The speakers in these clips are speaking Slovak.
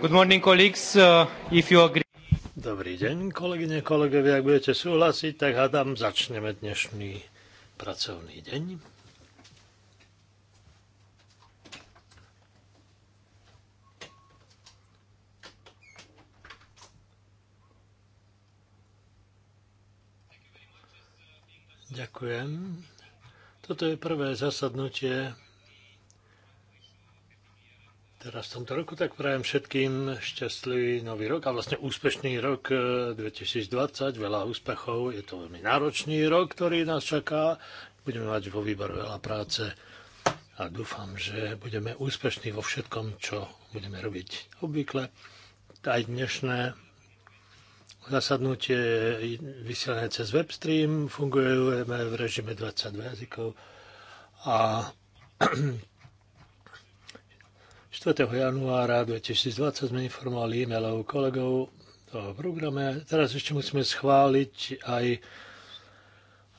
Good morning, colleagues. Uh, if you agree... Dobrý deň, kolegyne, kolegovia. Ak budete súhlasiť, tak hádam, začneme dnešný pracovný deň. Ďakujem. Toto je prvé zasadnutie teraz v tomto roku, tak prajem všetkým šťastlivý nový rok a vlastne úspešný rok 2020, e, veľa úspechov, je to veľmi náročný rok, ktorý nás čaká, budeme mať vo výboru veľa práce a dúfam, že budeme úspešní vo všetkom, čo budeme robiť obvykle. Aj dnešné Zasadnutie vysielané cez webstream, fungujeme v režime 22 jazykov a 4. januára 2020 sme informovali e-mailov kolegov o programe. Teraz ešte musíme schváliť aj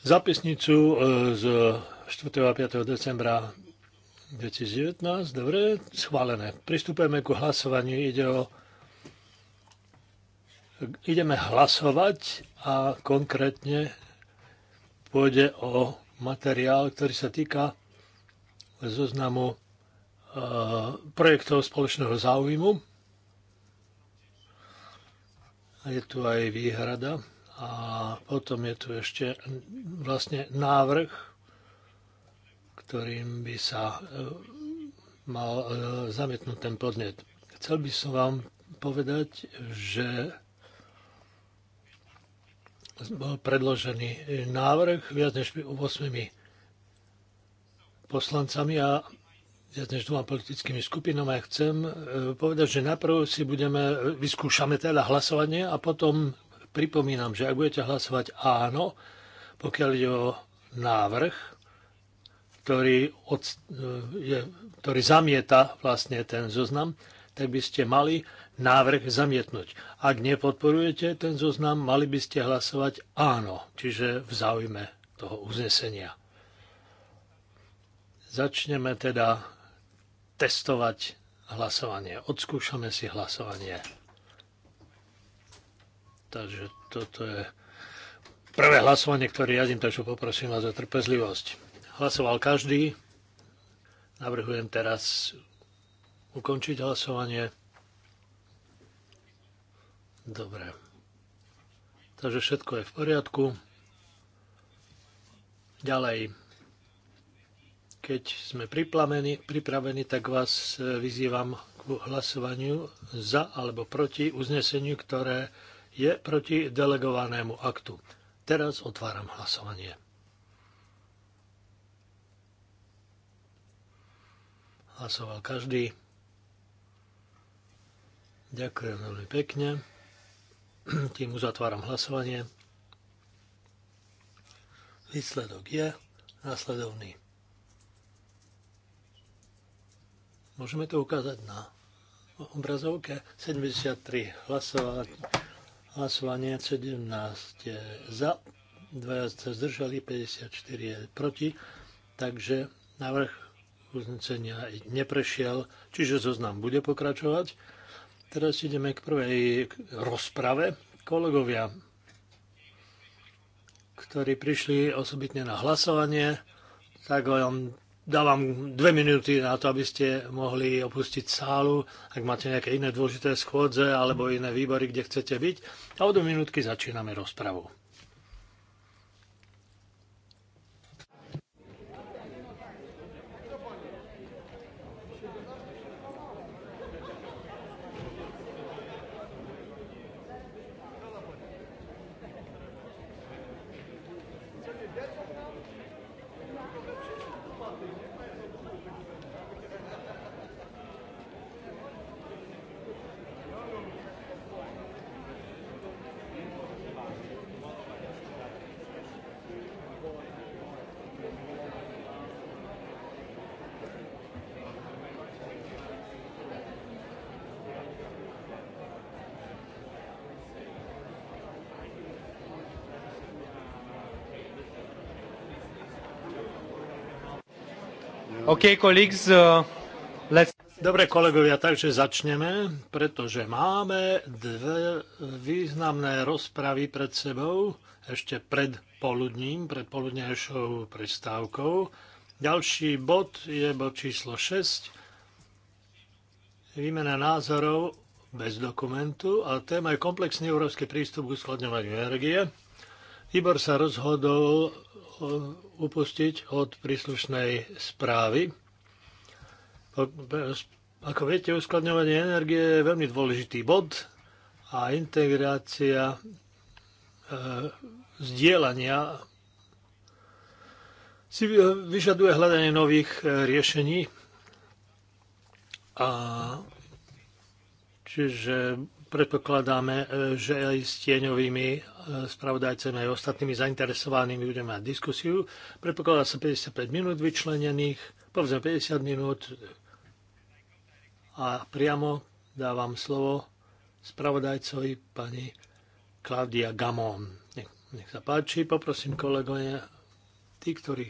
zapisnicu e, z 4. a 5. decembra 2019. Dobre, schválené. Pristupujeme ku hlasovaniu. Ide o ideme hlasovať a konkrétne pôjde o materiál, ktorý sa týka zoznamu e, projektov spoločného záujmu. Je tu aj výhrada a potom je tu ešte vlastne návrh, ktorým by sa e, mal e, zamietnúť ten podnet. Chcel by som vám povedať, že bol predložený e, návrh viac než 8 poslancami a viac než dvoma politickými skupinami. Ja chcem e, povedať, že najprv si budeme, e, vyskúšame teda hlasovanie a potom pripomínam, že ak budete hlasovať áno, pokiaľ ide o návrh, ktorý, od, je, ktorý zamieta vlastne ten zoznam, tak by ste mali návrh zamietnúť. Ak nepodporujete ten zoznam, mali by ste hlasovať áno, čiže v záujme toho uznesenia. Začneme teda testovať hlasovanie. Odskúšame si hlasovanie. Takže toto je prvé hlasovanie, ktoré riadím, takže poprosím vás o trpezlivosť. Hlasoval každý. Navrhujem teraz ukončiť hlasovanie. Dobre. Takže všetko je v poriadku. Ďalej. Keď sme pripravení, pripravení tak vás e, vyzývam k hlasovaniu za alebo proti uzneseniu, ktoré je proti delegovanému aktu. Teraz otváram hlasovanie. Hlasoval každý. Ďakujem veľmi pekne. Tým uzatváram hlasovanie. Výsledok je následovný. Môžeme to ukázať na obrazovke. 73 hlasovanie, 17 za, 2 sa zdržali, 54 je proti. Takže návrh uznesenia neprešiel, čiže zoznam bude pokračovať. Teraz ideme k prvej rozprave. Kolegovia, ktorí prišli osobitne na hlasovanie, tak vám dávam dve minúty na to, aby ste mohli opustiť sálu, ak máte nejaké iné dôležité schôdze alebo iné výbory, kde chcete byť. A o dve minútky začíname rozpravu. Okay, colleagues, uh, let's... Dobre kolegovia, takže začneme, pretože máme dve významné rozpravy pred sebou, ešte pred poludním, pred poludnejšou prestávkou. Ďalší bod je bod číslo 6, výmena názorov bez dokumentu a téma je komplexný európsky prístup k uskladňovaniu energie. Výbor sa rozhodol Eh, upustiť od príslušnej správy. Ako viete, uskladňovanie energie je veľmi dôležitý bod a integrácia e, zdieľania si vyžaduje hľadanie nových eh, riešení. A čiže predpokladáme, e, že aj s tieňovými e, spravodajcami, aj ostatnými zainteresovanými budeme mať diskusiu. Predpokladá sa 55 minút vyčlenených, povedzme 50 minút a priamo dávam slovo spravodajcovi pani Klaudia Gamon. Nech, nech sa páči, poprosím kolegovia, tí, ktorí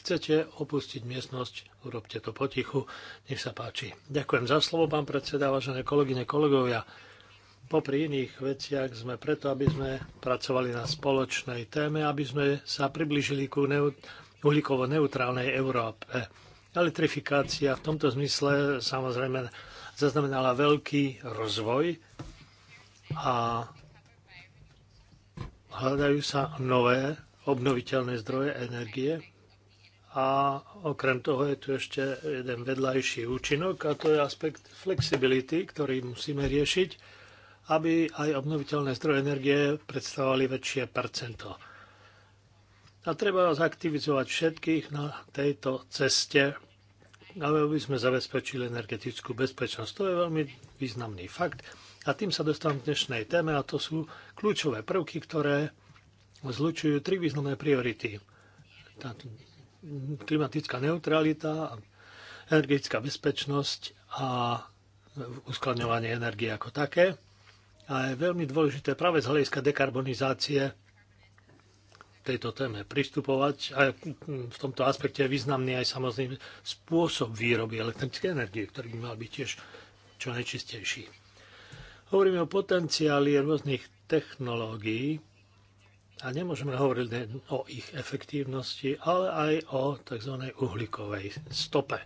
chcete opustiť miestnosť, urobte to potichu, nech sa páči. Ďakujem za slovo, pán predseda, vážené kolegyne, kolegovia popri iných veciach sme preto, aby sme pracovali na spoločnej téme, aby sme sa približili ku uhlíkovo-neutrálnej Európe. Elektrifikácia v tomto zmysle samozrejme zaznamenala veľký rozvoj a hľadajú sa nové obnoviteľné zdroje energie. A okrem toho je tu ešte jeden vedľajší účinok a to je aspekt flexibility, ktorý musíme riešiť aby aj obnoviteľné zdroje energie predstavovali väčšie percento. A treba zaktivizovať všetkých na tejto ceste, aby sme zabezpečili energetickú bezpečnosť. To je veľmi významný fakt. A tým sa dostávam k dnešnej téme a to sú kľúčové prvky, ktoré zlučujú tri významné priority. Tá klimatická neutralita, energetická bezpečnosť a uskladňovanie energie ako také a je veľmi dôležité práve z hľadiska dekarbonizácie tejto téme pristupovať a v tomto aspekte je významný aj samozrejme spôsob výroby elektrickej energie, ktorý by mal byť tiež čo najčistejší. Hovoríme o potenciáli rôznych technológií a nemôžeme hovoriť len o ich efektívnosti, ale aj o tzv. uhlíkovej stope.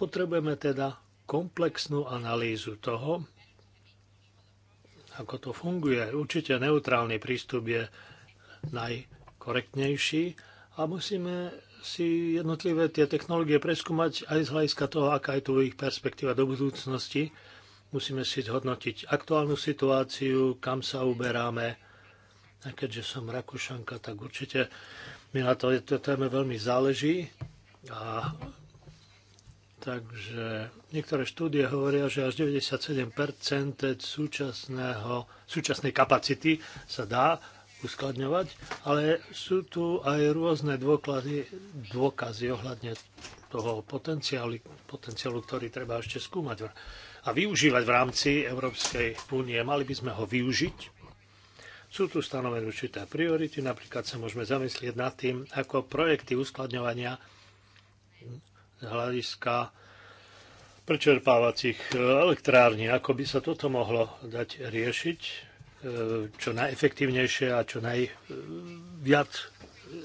Potrebujeme teda komplexnú analýzu toho, ako to funguje. Určite neutrálny prístup je najkorektnejší a musíme si jednotlivé tie technológie preskúmať aj z hľadiska toho, aká je tu ich perspektíva do budúcnosti. Musíme si zhodnotiť aktuálnu situáciu, kam sa uberáme. A keďže som Rakušanka, tak určite mi na to, to téme veľmi záleží a Takže niektoré štúdie hovoria, že až 97 súčasného, súčasnej kapacity sa dá uskladňovať, ale sú tu aj rôzne dôklady, dôkazy ohľadne toho potenciálu, potenciálu, ktorý treba ešte skúmať a využívať v rámci Európskej únie. Mali by sme ho využiť. Sú tu stanovené určité priority, napríklad sa môžeme zamyslieť nad tým, ako projekty uskladňovania z hľadiska prečerpávacích elektrární. Ako by sa toto mohlo dať riešiť e, čo najefektívnejšie a čo najviac e,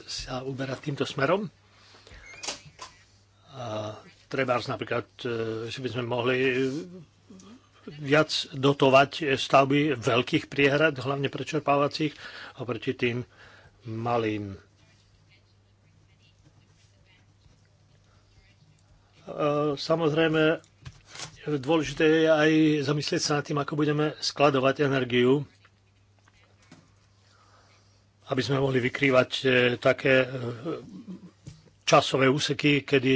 sa uberať týmto smerom? A treba napríklad, e, že by sme mohli viac dotovať stavby veľkých priehrad, hlavne prečerpávacích, oproti tým malým Eh, samozrejme dôležité je aj zamyslieť sa nad tým, ako budeme skladovať energiu, aby sme mohli vykrývať eh, také eh, časové úseky, kedy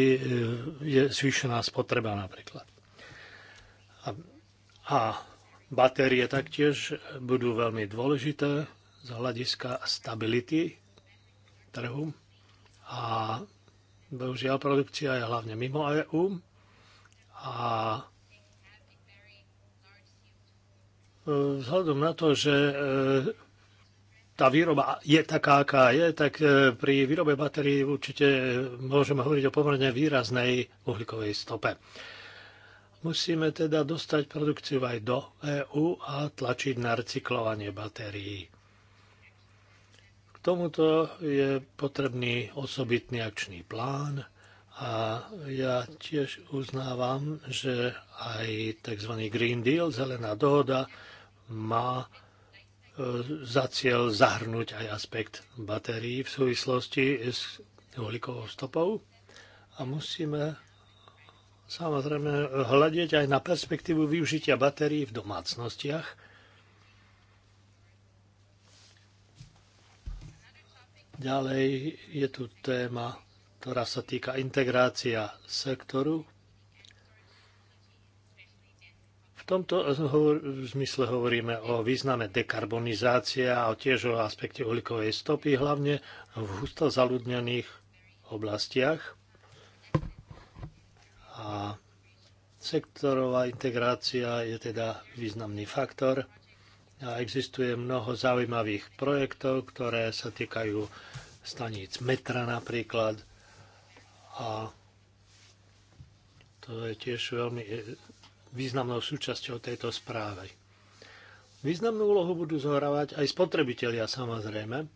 je zvýšená spotreba napríklad. A, a batérie taktiež budú veľmi dôležité z hľadiska stability trhu a Bohužiaľ, produkcia je hlavne mimo EU a e, vzhľadom na to, že e, tá výroba je taká, aká je, tak e, pri výrobe batérií určite môžeme hovoriť o pomerne výraznej uhlíkovej stope. Musíme teda dostať produkciu aj do EÚ a tlačiť na recyklovanie batérií tomuto je potrebný osobitný akčný plán a ja tiež uznávam, že aj tzv. Green Deal, zelená dohoda, má e, za cieľ zahrnúť aj aspekt batérií v súvislosti s uhlíkovou stopou a musíme samozrejme hľadiť aj na perspektívu využitia batérií v domácnostiach Ďalej je tu téma, ktorá sa týka integrácia sektoru. V tomto zmysle hovoríme o význame dekarbonizácie a tiež o aspekte uhlíkovej stopy, hlavne v husto zaludnených oblastiach. A sektorová integrácia je teda významný faktor a existuje mnoho zaujímavých projektov, ktoré sa týkajú staníc metra napríklad. A to je tiež veľmi e, významnou súčasťou tejto správy. Významnú úlohu budú zohrávať aj spotrebitelia samozrejme.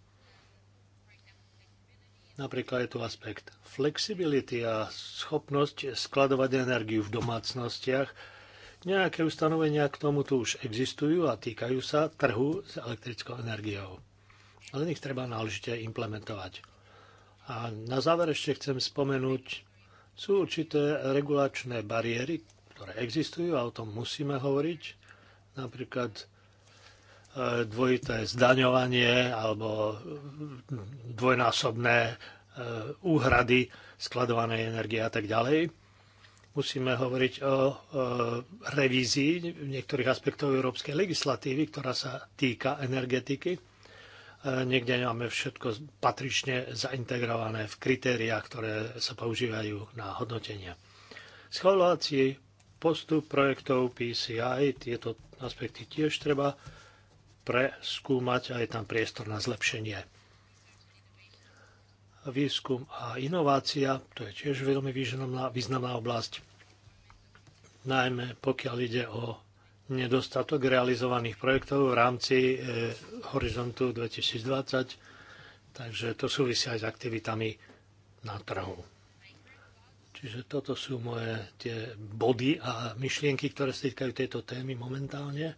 Napríklad je tu aspekt flexibility a schopnosť skladovať energiu v domácnostiach, Nejaké ustanovenia k tomu tu už existujú a týkajú sa trhu s elektrickou energiou. Ale ich treba náležite implementovať. A na záver ešte chcem spomenúť, sú určité regulačné bariéry, ktoré existujú a o tom musíme hovoriť. Napríklad e, dvojité zdaňovanie alebo dvojnásobné e, úhrady skladovanej energie a tak ďalej musíme hovoriť o e, revízii niektorých aspektov európskej legislatívy, ktorá sa týka energetiky. E, niekde máme všetko patrične zaintegrované v kritériách, ktoré sa používajú na hodnotenie. Schvalovací postup projektov PCI, tieto aspekty tiež treba preskúmať a je tam priestor na zlepšenie výskum a inovácia, to je tiež veľmi významná, významná oblasť, najmä pokiaľ ide o nedostatok realizovaných projektov v rámci e, Horizontu 2020, takže to súvisí aj s aktivitami na trhu. Čiže toto sú moje tie body a myšlienky, ktoré sa týkajú tejto témy momentálne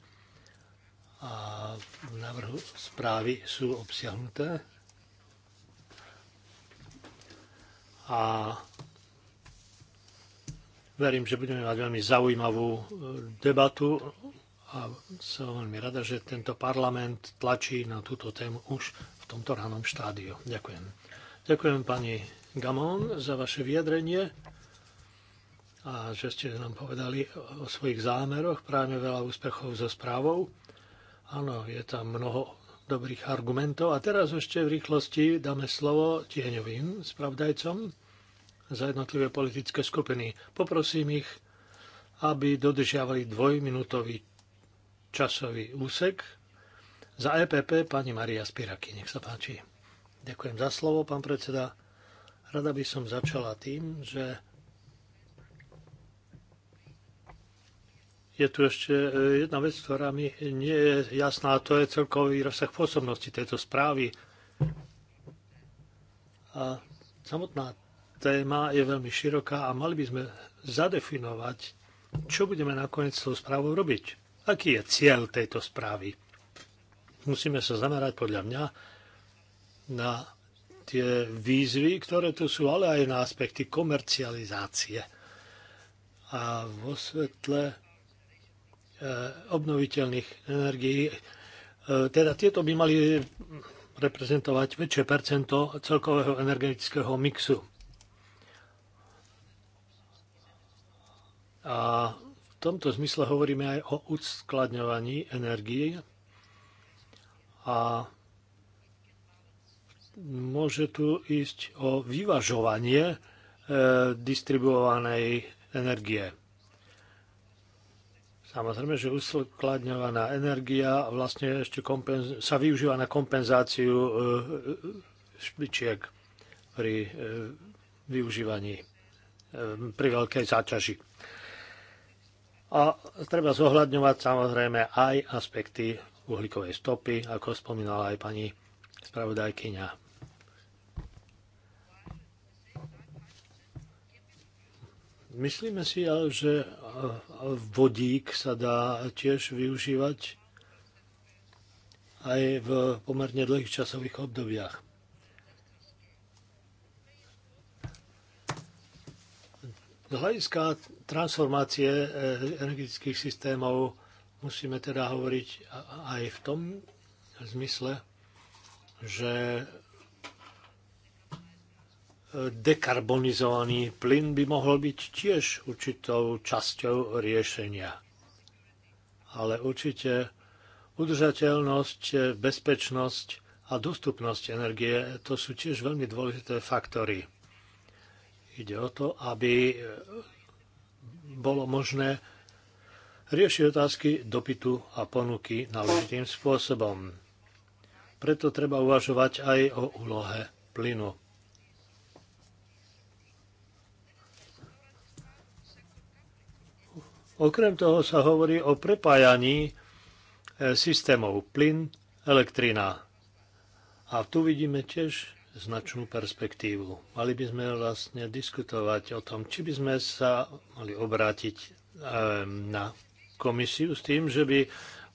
a v návrhu správy sú obsiahnuté. a verím, že budeme mať veľmi zaujímavú e, debatu a som veľmi rada, že tento parlament tlačí na túto tému už v tomto ranom štádiu. Ďakujem. Ďakujem pani Gamon za vaše vyjadrenie a že ste nám povedali o svojich zámeroch. Práve veľa úspechov so správou. Áno, je tam mnoho dobrých argumentov. A teraz ešte v rýchlosti dáme slovo tieňovým spravdajcom za jednotlivé politické skupiny. Poprosím ich, aby dodržiavali dvojminútový časový úsek. Za EPP pani Maria Spiraky, nech sa páči. Ďakujem za slovo, pán predseda. Rada by som začala tým, že je tu ešte e, jedna vec, ktorá mi nie je jasná, a to je celkový rozsah pôsobnosti tejto správy. A samotná téma je veľmi široká a mali by sme zadefinovať, čo budeme nakoniec s tou správou robiť. Aký je cieľ tejto správy? Musíme sa zamerať podľa mňa na tie výzvy, ktoré tu sú, ale aj na aspekty komercializácie. A vo svetle e, obnoviteľných energií, e, teda tieto by mali reprezentovať väčšie percento celkového energetického mixu. A v tomto zmysle hovoríme aj o uskladňovaní energie a môže tu ísť o vyvažovanie e, distribuovanej energie. Samozrejme, že uskladňovaná energia vlastne ešte sa využíva na kompenzáciu e, e, špičiek pri využívaní pri veľkej záťaži. A treba zohľadňovať samozrejme aj aspekty uhlíkovej stopy, ako spomínala aj pani spravodajkyňa. Myslíme si, ale, že e, vodík sa dá tiež využívať aj v pomerne dlhých časových obdobiach. Z hľadiska transformácie e, energetických systémov musíme teda hovoriť aj v tom zmysle, že e, dekarbonizovaný plyn by mohol byť tiež určitou časťou riešenia. Ale určite udržateľnosť, bezpečnosť a dostupnosť energie to sú tiež veľmi dôležité faktory. Ide o to, aby bolo možné riešiť otázky dopytu a ponuky náležitým spôsobom. Preto treba uvažovať aj o úlohe plynu. Okrem toho sa hovorí o prepájaní e, systémov plyn, elektrina. A tu vidíme tiež značnú perspektívu. Mali by sme vlastne diskutovať o tom, či by sme sa mali obrátiť ehm, na komisiu s tým, že by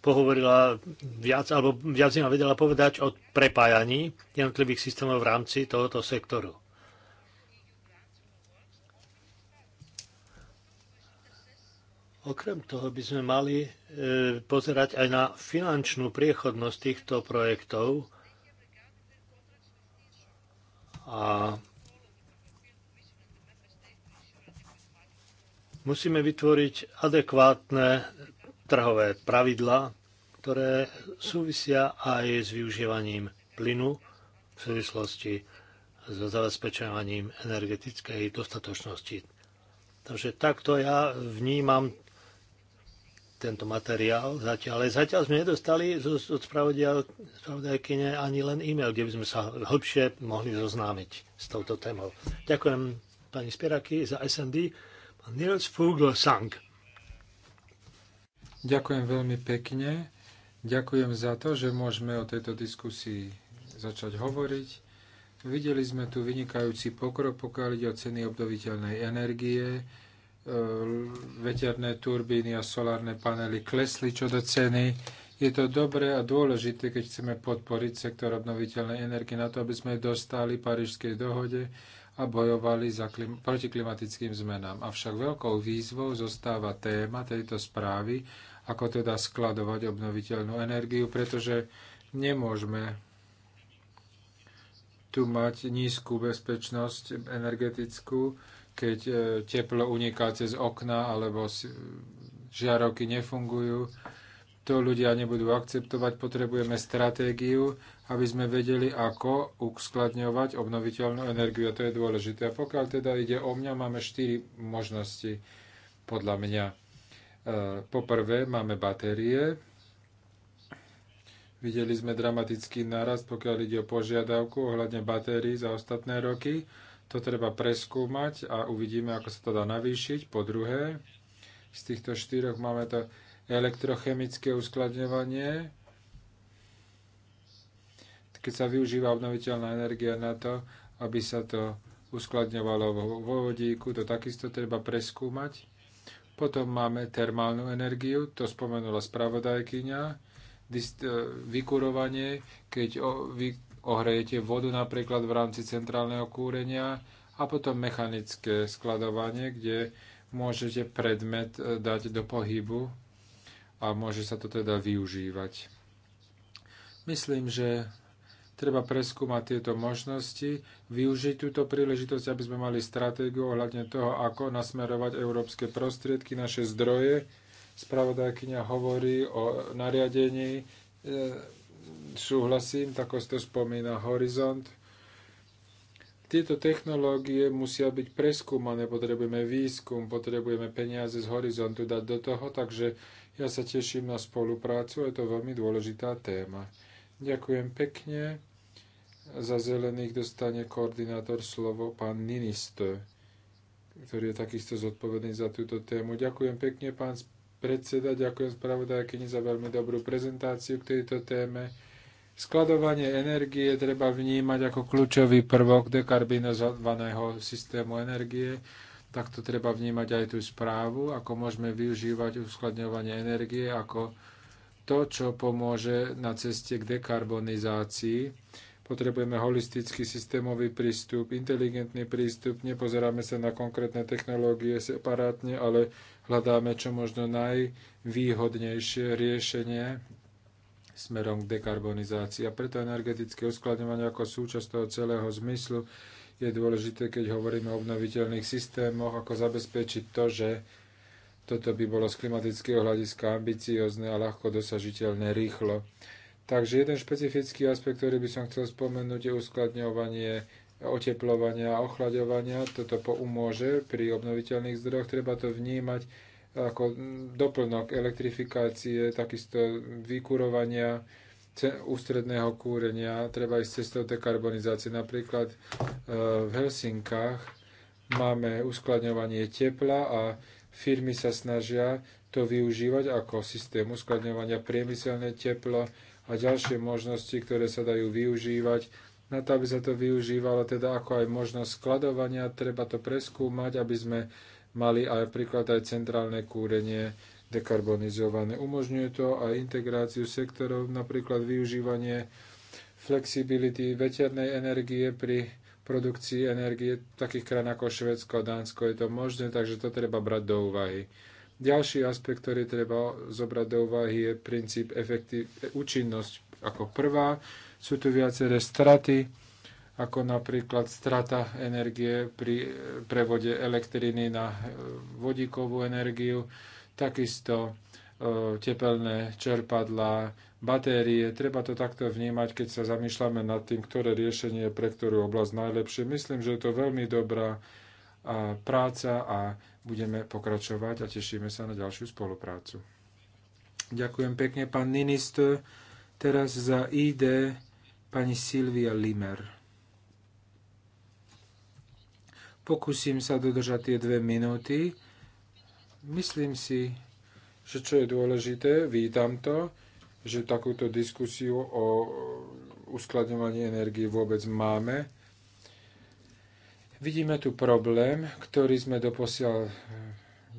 pohovorila viac, alebo viac im vedela povedať o prepájaní jednotlivých systémov v rámci tohoto sektoru. Okrem toho by sme mali e, pozerať aj na finančnú priechodnosť týchto projektov, a musíme vytvoriť adekvátne trhové pravidla, ktoré súvisia aj s využívaním plynu v súvislosti s zabezpečovaním energetickej dostatočnosti. Takže takto ja vnímam tento materiál zatiaľ, ale zatiaľ sme nedostali od spravodajkyne ani len e-mail, kde by sme sa hĺbšie mohli zoznámiť s touto témou. Ďakujem pani Spieraky za SND, pán Fuglsang. Ďakujem veľmi pekne. Ďakujem za to, že môžeme o tejto diskusii začať hovoriť. Videli sme tu vynikajúci pokrok, pokiaľ ide o ceny obdoviteľnej energie E, veterné turbíny a solárne panely klesli čo do ceny. Je to dobré a dôležité, keď chceme podporiť sektor obnoviteľnej energie na to, aby sme dostali Parížskej dohode a bojovali za klim- proti klimatickým zmenám. Avšak veľkou výzvou zostáva téma tejto správy, ako teda skladovať obnoviteľnú energiu, pretože nemôžeme tu mať nízku bezpečnosť energetickú, keď e, teplo uniká cez okna alebo e, žiarovky nefungujú. To ľudia nebudú akceptovať. Potrebujeme stratégiu, aby sme vedeli, ako uskladňovať obnoviteľnú energiu. A to je dôležité. A pokiaľ teda ide o mňa, máme štyri možnosti podľa mňa. E, poprvé máme batérie, Videli sme dramatický nárast, pokiaľ ide o požiadavku ohľadne batérií za ostatné roky. To treba preskúmať a uvidíme, ako sa to dá navýšiť. Po druhé, z týchto štyroch máme to elektrochemické uskladňovanie, keď sa využíva obnoviteľná energia na to, aby sa to uskladňovalo vo vodíku, to takisto treba preskúmať. Potom máme termálnu energiu, to spomenula spravodajkyňa, e, vykurovanie, keď ohrejete vodu napríklad v rámci centrálneho kúrenia a potom mechanické skladovanie, kde môžete predmet e, dať do pohybu a môže sa to teda využívať. Myslím, že treba preskúmať tieto možnosti, využiť túto príležitosť, aby sme mali stratégiu ohľadne toho, ako nasmerovať európske prostriedky, naše zdroje. Spravodajkyňa hovorí o nariadení e, súhlasím, tak to spomína Horizont. Tieto technológie musia byť preskúmané, potrebujeme výskum, potrebujeme peniaze z horizontu dať do toho, takže ja sa teším na spoluprácu, je to veľmi dôležitá téma. Ďakujem pekne. Za zelených dostane koordinátor slovo pán Ninisto, ktorý je takisto zodpovedný za túto tému. Ďakujem pekne, pán predseda. Ďakujem spravodajkyni za veľmi dobrú prezentáciu k tejto téme. Skladovanie energie treba vnímať ako kľúčový prvok dekarbinizovaného systému energie. Takto treba vnímať aj tú správu, ako môžeme využívať uskladňovanie energie ako to, čo pomôže na ceste k dekarbonizácii. Potrebujeme holistický systémový prístup, inteligentný prístup, nepozeráme sa na konkrétne technológie separátne, ale hľadáme čo možno najvýhodnejšie riešenie smerom k dekarbonizácii. A preto energetické uskladňovanie ako súčasť toho celého zmyslu je dôležité, keď hovoríme o obnoviteľných systémoch, ako zabezpečiť to, že toto by bolo z klimatického hľadiska ambiciozne a ľahko dosažiteľné rýchlo. Takže jeden špecifický aspekt, ktorý by som chcel spomenúť, je uskladňovanie oteplovania a ochlaďovania. Toto pomôže pri obnoviteľných zdroch, Treba to vnímať ako doplnok elektrifikácie, takisto vykurovania, ústredného kúrenia. Treba ísť cestou dekarbonizácie. Napríklad e, v Helsinkách máme uskladňovanie tepla a firmy sa snažia to využívať ako systém uskladňovania priemyselné teplo a ďalšie možnosti, ktoré sa dajú využívať na to, aby sa to využívalo teda ako aj možnosť skladovania, treba to preskúmať, aby sme mali aj príklad aj centrálne kúrenie dekarbonizované. Umožňuje to aj integráciu sektorov, napríklad využívanie flexibility veternej energie pri produkcii energie v takých krajín ako Švedsko a Dánsko je to možné, takže to treba brať do úvahy. Ďalší aspekt, ktorý treba zobrať do úvahy, je princíp efektiv- účinnosť ako prvá. Sú tu viaceré straty, ako napríklad strata energie pri eh, prevode elektriny na eh, vodíkovú energiu, takisto eh, tepelné čerpadlá, batérie. Treba to takto vnímať, keď sa zamýšľame nad tým, ktoré riešenie je pre ktorú oblasť najlepšie. Myslím, že je to veľmi dobrá práca a budeme pokračovať a tešíme sa na ďalšiu spoluprácu. Ďakujem pekne, pán minister. Teraz za ID pani Silvia Limer. Pokúsim sa dodržať tie dve minúty. Myslím si, že čo je dôležité, vítam to, že takúto diskusiu o uskladňovaní energie vôbec máme. Vidíme tu problém, ktorý sme doposiaľ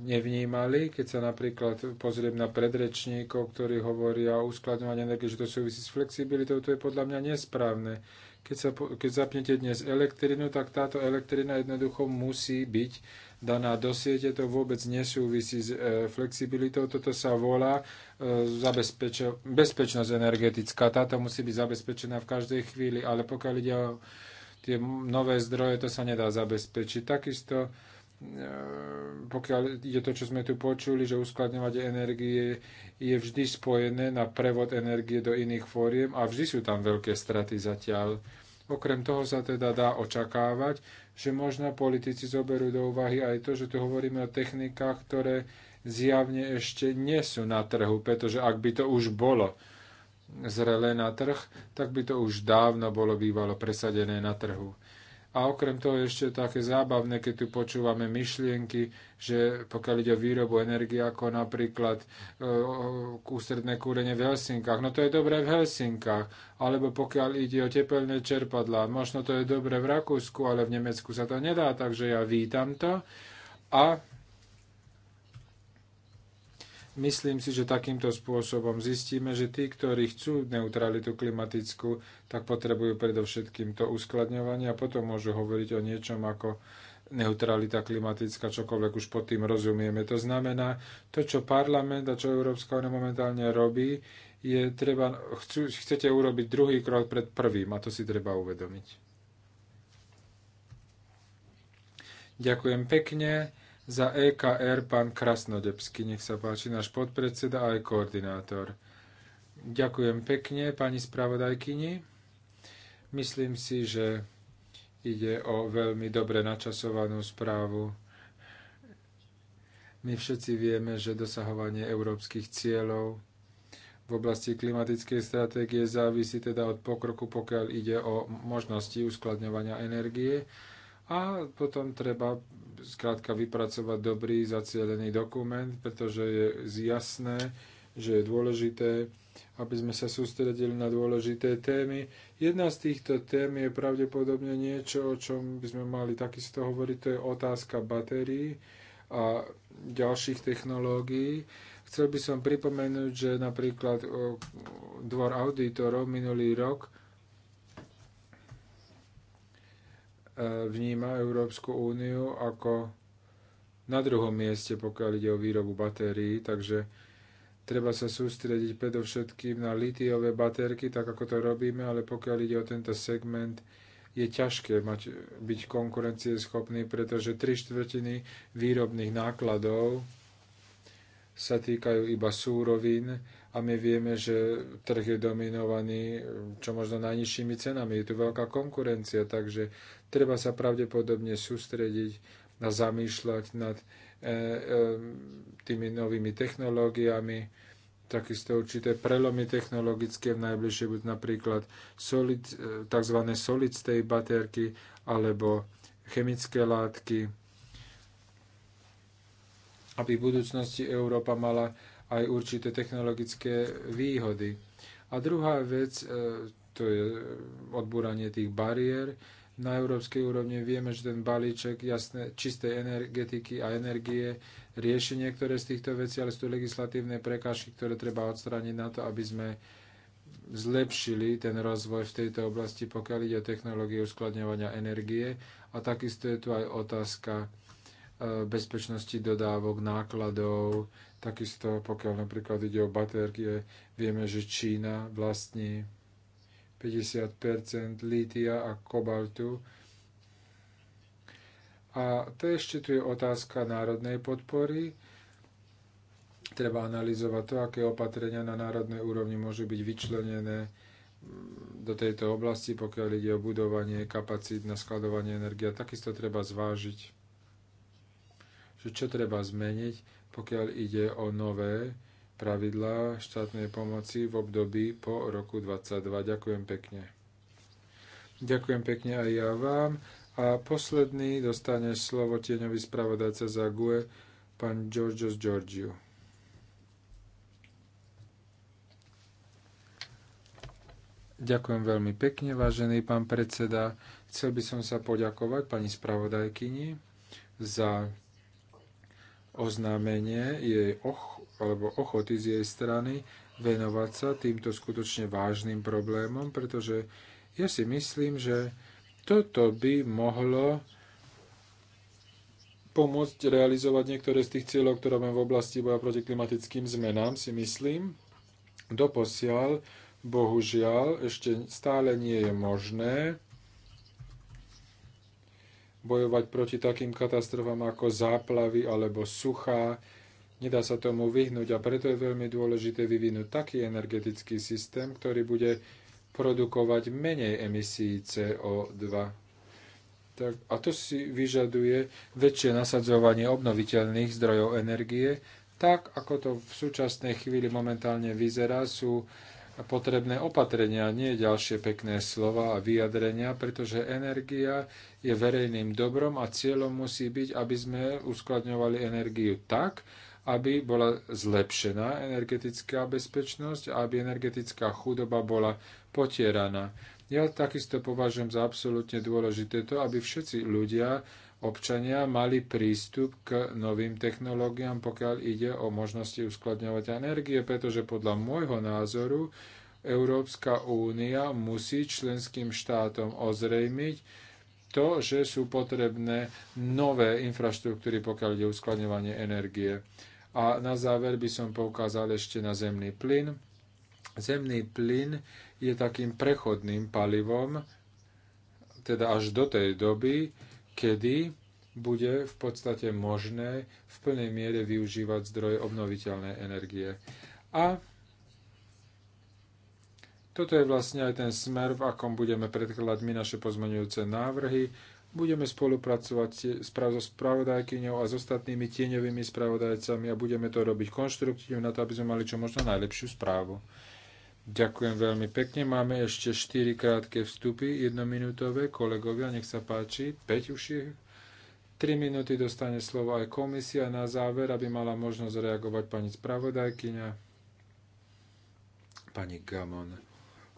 nevnímali, keď sa napríklad pozriem na predrečníkov, ktorí hovoria o uskladňovaní energie, že to súvisí s flexibilitou, to je podľa mňa nesprávne. Keď, sa, keď zapnete dnes elektrinu, tak táto elektrina jednoducho musí byť daná do siete, to vôbec nesúvisí s e, flexibilitou, toto sa volá e, bezpečnosť energetická, táto musí byť zabezpečená v každej chvíli, ale pokiaľ ide o tie nové zdroje, to sa nedá zabezpečiť. Takisto E, pokiaľ ide to, čo sme tu počuli, že uskladňovať energie je vždy spojené na prevod energie do iných fóriem a vždy sú tam veľké straty zatiaľ. Okrem toho sa teda dá očakávať, že možno politici zoberú do úvahy aj to, že tu hovoríme o technikách, ktoré zjavne ešte nie sú na trhu, pretože ak by to už bolo zrelé na trh, tak by to už dávno bolo bývalo presadené na trhu. A okrem toho ešte také zábavné, keď tu počúvame myšlienky, že pokiaľ ide o výrobu energie, ako napríklad e, ústredné kúrenie v Helsinkách, no to je dobré v Helsinkách, alebo pokiaľ ide o tepelné čerpadlá, možno to je dobré v Rakúsku, ale v Nemecku sa to nedá, takže ja vítam to. A Myslím si, že takýmto spôsobom zistíme, že tí, ktorí chcú neutralitu klimatickú, tak potrebujú predovšetkým to uskladňovanie a potom môžu hovoriť o niečom ako neutralita klimatická, čokoľvek už pod tým rozumieme. To znamená, to, čo parlament a čo Európska únia momentálne robí, je treba, chcú, chcete urobiť druhý krok pred prvým a to si treba uvedomiť. Ďakujem pekne. Za EKR pán krasnodebský, nech sa páči, náš podpredseda a aj koordinátor. Ďakujem pekne pani spravodajkyni. Myslím si, že ide o veľmi dobre načasovanú správu. My všetci vieme, že dosahovanie európskych cieľov v oblasti klimatickej stratégie závisí teda od pokroku, pokiaľ ide o možnosti uskladňovania energie a potom treba skrátka vypracovať dobrý zacielený dokument, pretože je jasné, že je dôležité, aby sme sa sústredili na dôležité témy. Jedna z týchto tém je pravdepodobne niečo, o čom by sme mali takisto hovoriť, to je otázka batérií a ďalších technológií. Chcel by som pripomenúť, že napríklad Dvor auditorov minulý rok E, vníma Európsku úniu ako na druhom mieste, pokiaľ ide o výrobu batérií, takže treba sa sústrediť predovšetkým na litiové baterky, tak ako to robíme, ale pokiaľ ide o tento segment, je ťažké mať, byť konkurencieschopný, pretože tri štvrtiny výrobných nákladov sa týkajú iba súrovín a my vieme, že trh je dominovaný eh, čo možno najnižšími cenami. Je tu veľká konkurencia, takže treba sa pravdepodobne sústrediť a zamýšľať nad eh, eh, tými novými technológiami, takisto určité prelomy technologické v najbližšie, buď napríklad solid, tzv. solid state baterky alebo chemické látky, aby v budúcnosti Európa mala aj určité technologické výhody. A druhá vec, e, to je odbúranie tých bariér. Na európskej úrovni vieme, že ten balíček jasné, čistej energetiky a energie rieši niektoré z týchto vecí, ale sú tu legislatívne prekážky, ktoré treba odstrániť na to, aby sme zlepšili ten rozvoj v tejto oblasti, pokiaľ ide o technológiu uskladňovania energie. A takisto je tu aj otázka Eh, bezpečnosti dodávok, nákladov. Takisto, pokiaľ napríklad ide o batérie, vieme, že Čína vlastní 50 lítia a kobaltu. A to ešte tu je otázka národnej podpory. Treba analyzovať to, aké opatrenia na národnej úrovni môžu byť vyčlenené mm, do tejto oblasti, pokiaľ ide o budovanie kapacít na skladovanie energie. Takisto treba zvážiť že čo treba zmeniť, pokiaľ ide o nové pravidlá štátnej pomoci v období po roku 2022. Ďakujem pekne. Ďakujem pekne aj ja vám. A posledný dostane slovo tieňový spravodajca za GUE, pán Georgios Georgiou. Ďakujem veľmi pekne, vážený pán predseda. Chcel by som sa poďakovať pani spravodajkyni za oznámenie jej och, alebo ochoty z jej strany venovať sa týmto skutočne vážnym problémom, pretože ja si myslím, že toto by mohlo pomôcť realizovať niektoré z tých cieľov, ktoré máme v oblasti boja proti klimatickým zmenám, si myslím. Doposiaľ, bohužiaľ, ešte stále nie je možné bojovať proti takým katastrofám ako záplavy alebo suchá. Nedá sa tomu vyhnúť a preto je veľmi dôležité vyvinúť taký energetický systém, ktorý bude produkovať menej emisí CO2. Tak, a to si vyžaduje väčšie nasadzovanie obnoviteľných zdrojov energie. Tak, ako to v súčasnej chvíli momentálne vyzerá, sú potrebné opatrenia, nie ďalšie pekné slova a vyjadrenia, pretože energia je verejným dobrom a cieľom musí byť, aby sme uskladňovali energiu tak, aby bola zlepšená energetická bezpečnosť a aby energetická chudoba bola potieraná. Ja takisto považujem za absolútne dôležité to, aby všetci ľudia občania mali prístup k novým technológiám, pokiaľ ide o možnosti uskladňovať energie, pretože podľa môjho názoru Európska únia musí členským štátom ozrejmiť to, že sú potrebné nové infraštruktúry, pokiaľ ide o uskladňovanie energie. A na záver by som poukázal ešte na zemný plyn. Zemný plyn je takým prechodným palivom, teda až do tej doby, kedy bude v podstate možné v plnej miere využívať zdroje obnoviteľnej energie. A toto je vlastne aj ten smer, v akom budeme predkladať my naše pozmeňujúce návrhy. Budeme spolupracovať so spravodajkyňou a s ostatnými tieňovými spravodajcami a budeme to robiť konštruktívne na to, aby sme mali čo možno najlepšiu správu. Ďakujem veľmi pekne. Máme ešte 4 krátke vstupy, jednominútové. Kolegovia, nech sa páči. 5 už je. 3 minúty dostane slovo aj komisia na záver, aby mala možnosť reagovať pani spravodajkyňa, pani Gamon.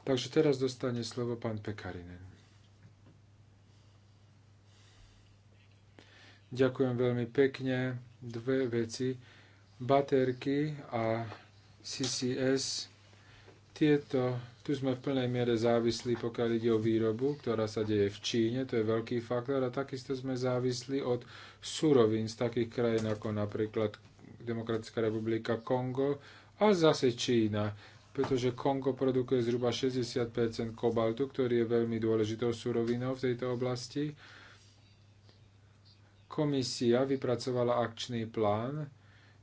Takže teraz dostane slovo pán Pekarinen. Ďakujem veľmi pekne. Dve veci. Baterky a CCS tieto, tu sme v plnej miere závislí, pokiaľ ide o výrobu, ktorá sa deje v Číne, to je veľký faktor, a takisto sme závislí od surovín z takých krajín ako napríklad Demokratická republika Kongo a zase Čína, pretože Kongo produkuje zhruba 60 kobaltu, ktorý je veľmi dôležitou surovinou v tejto oblasti. Komisia vypracovala akčný plán,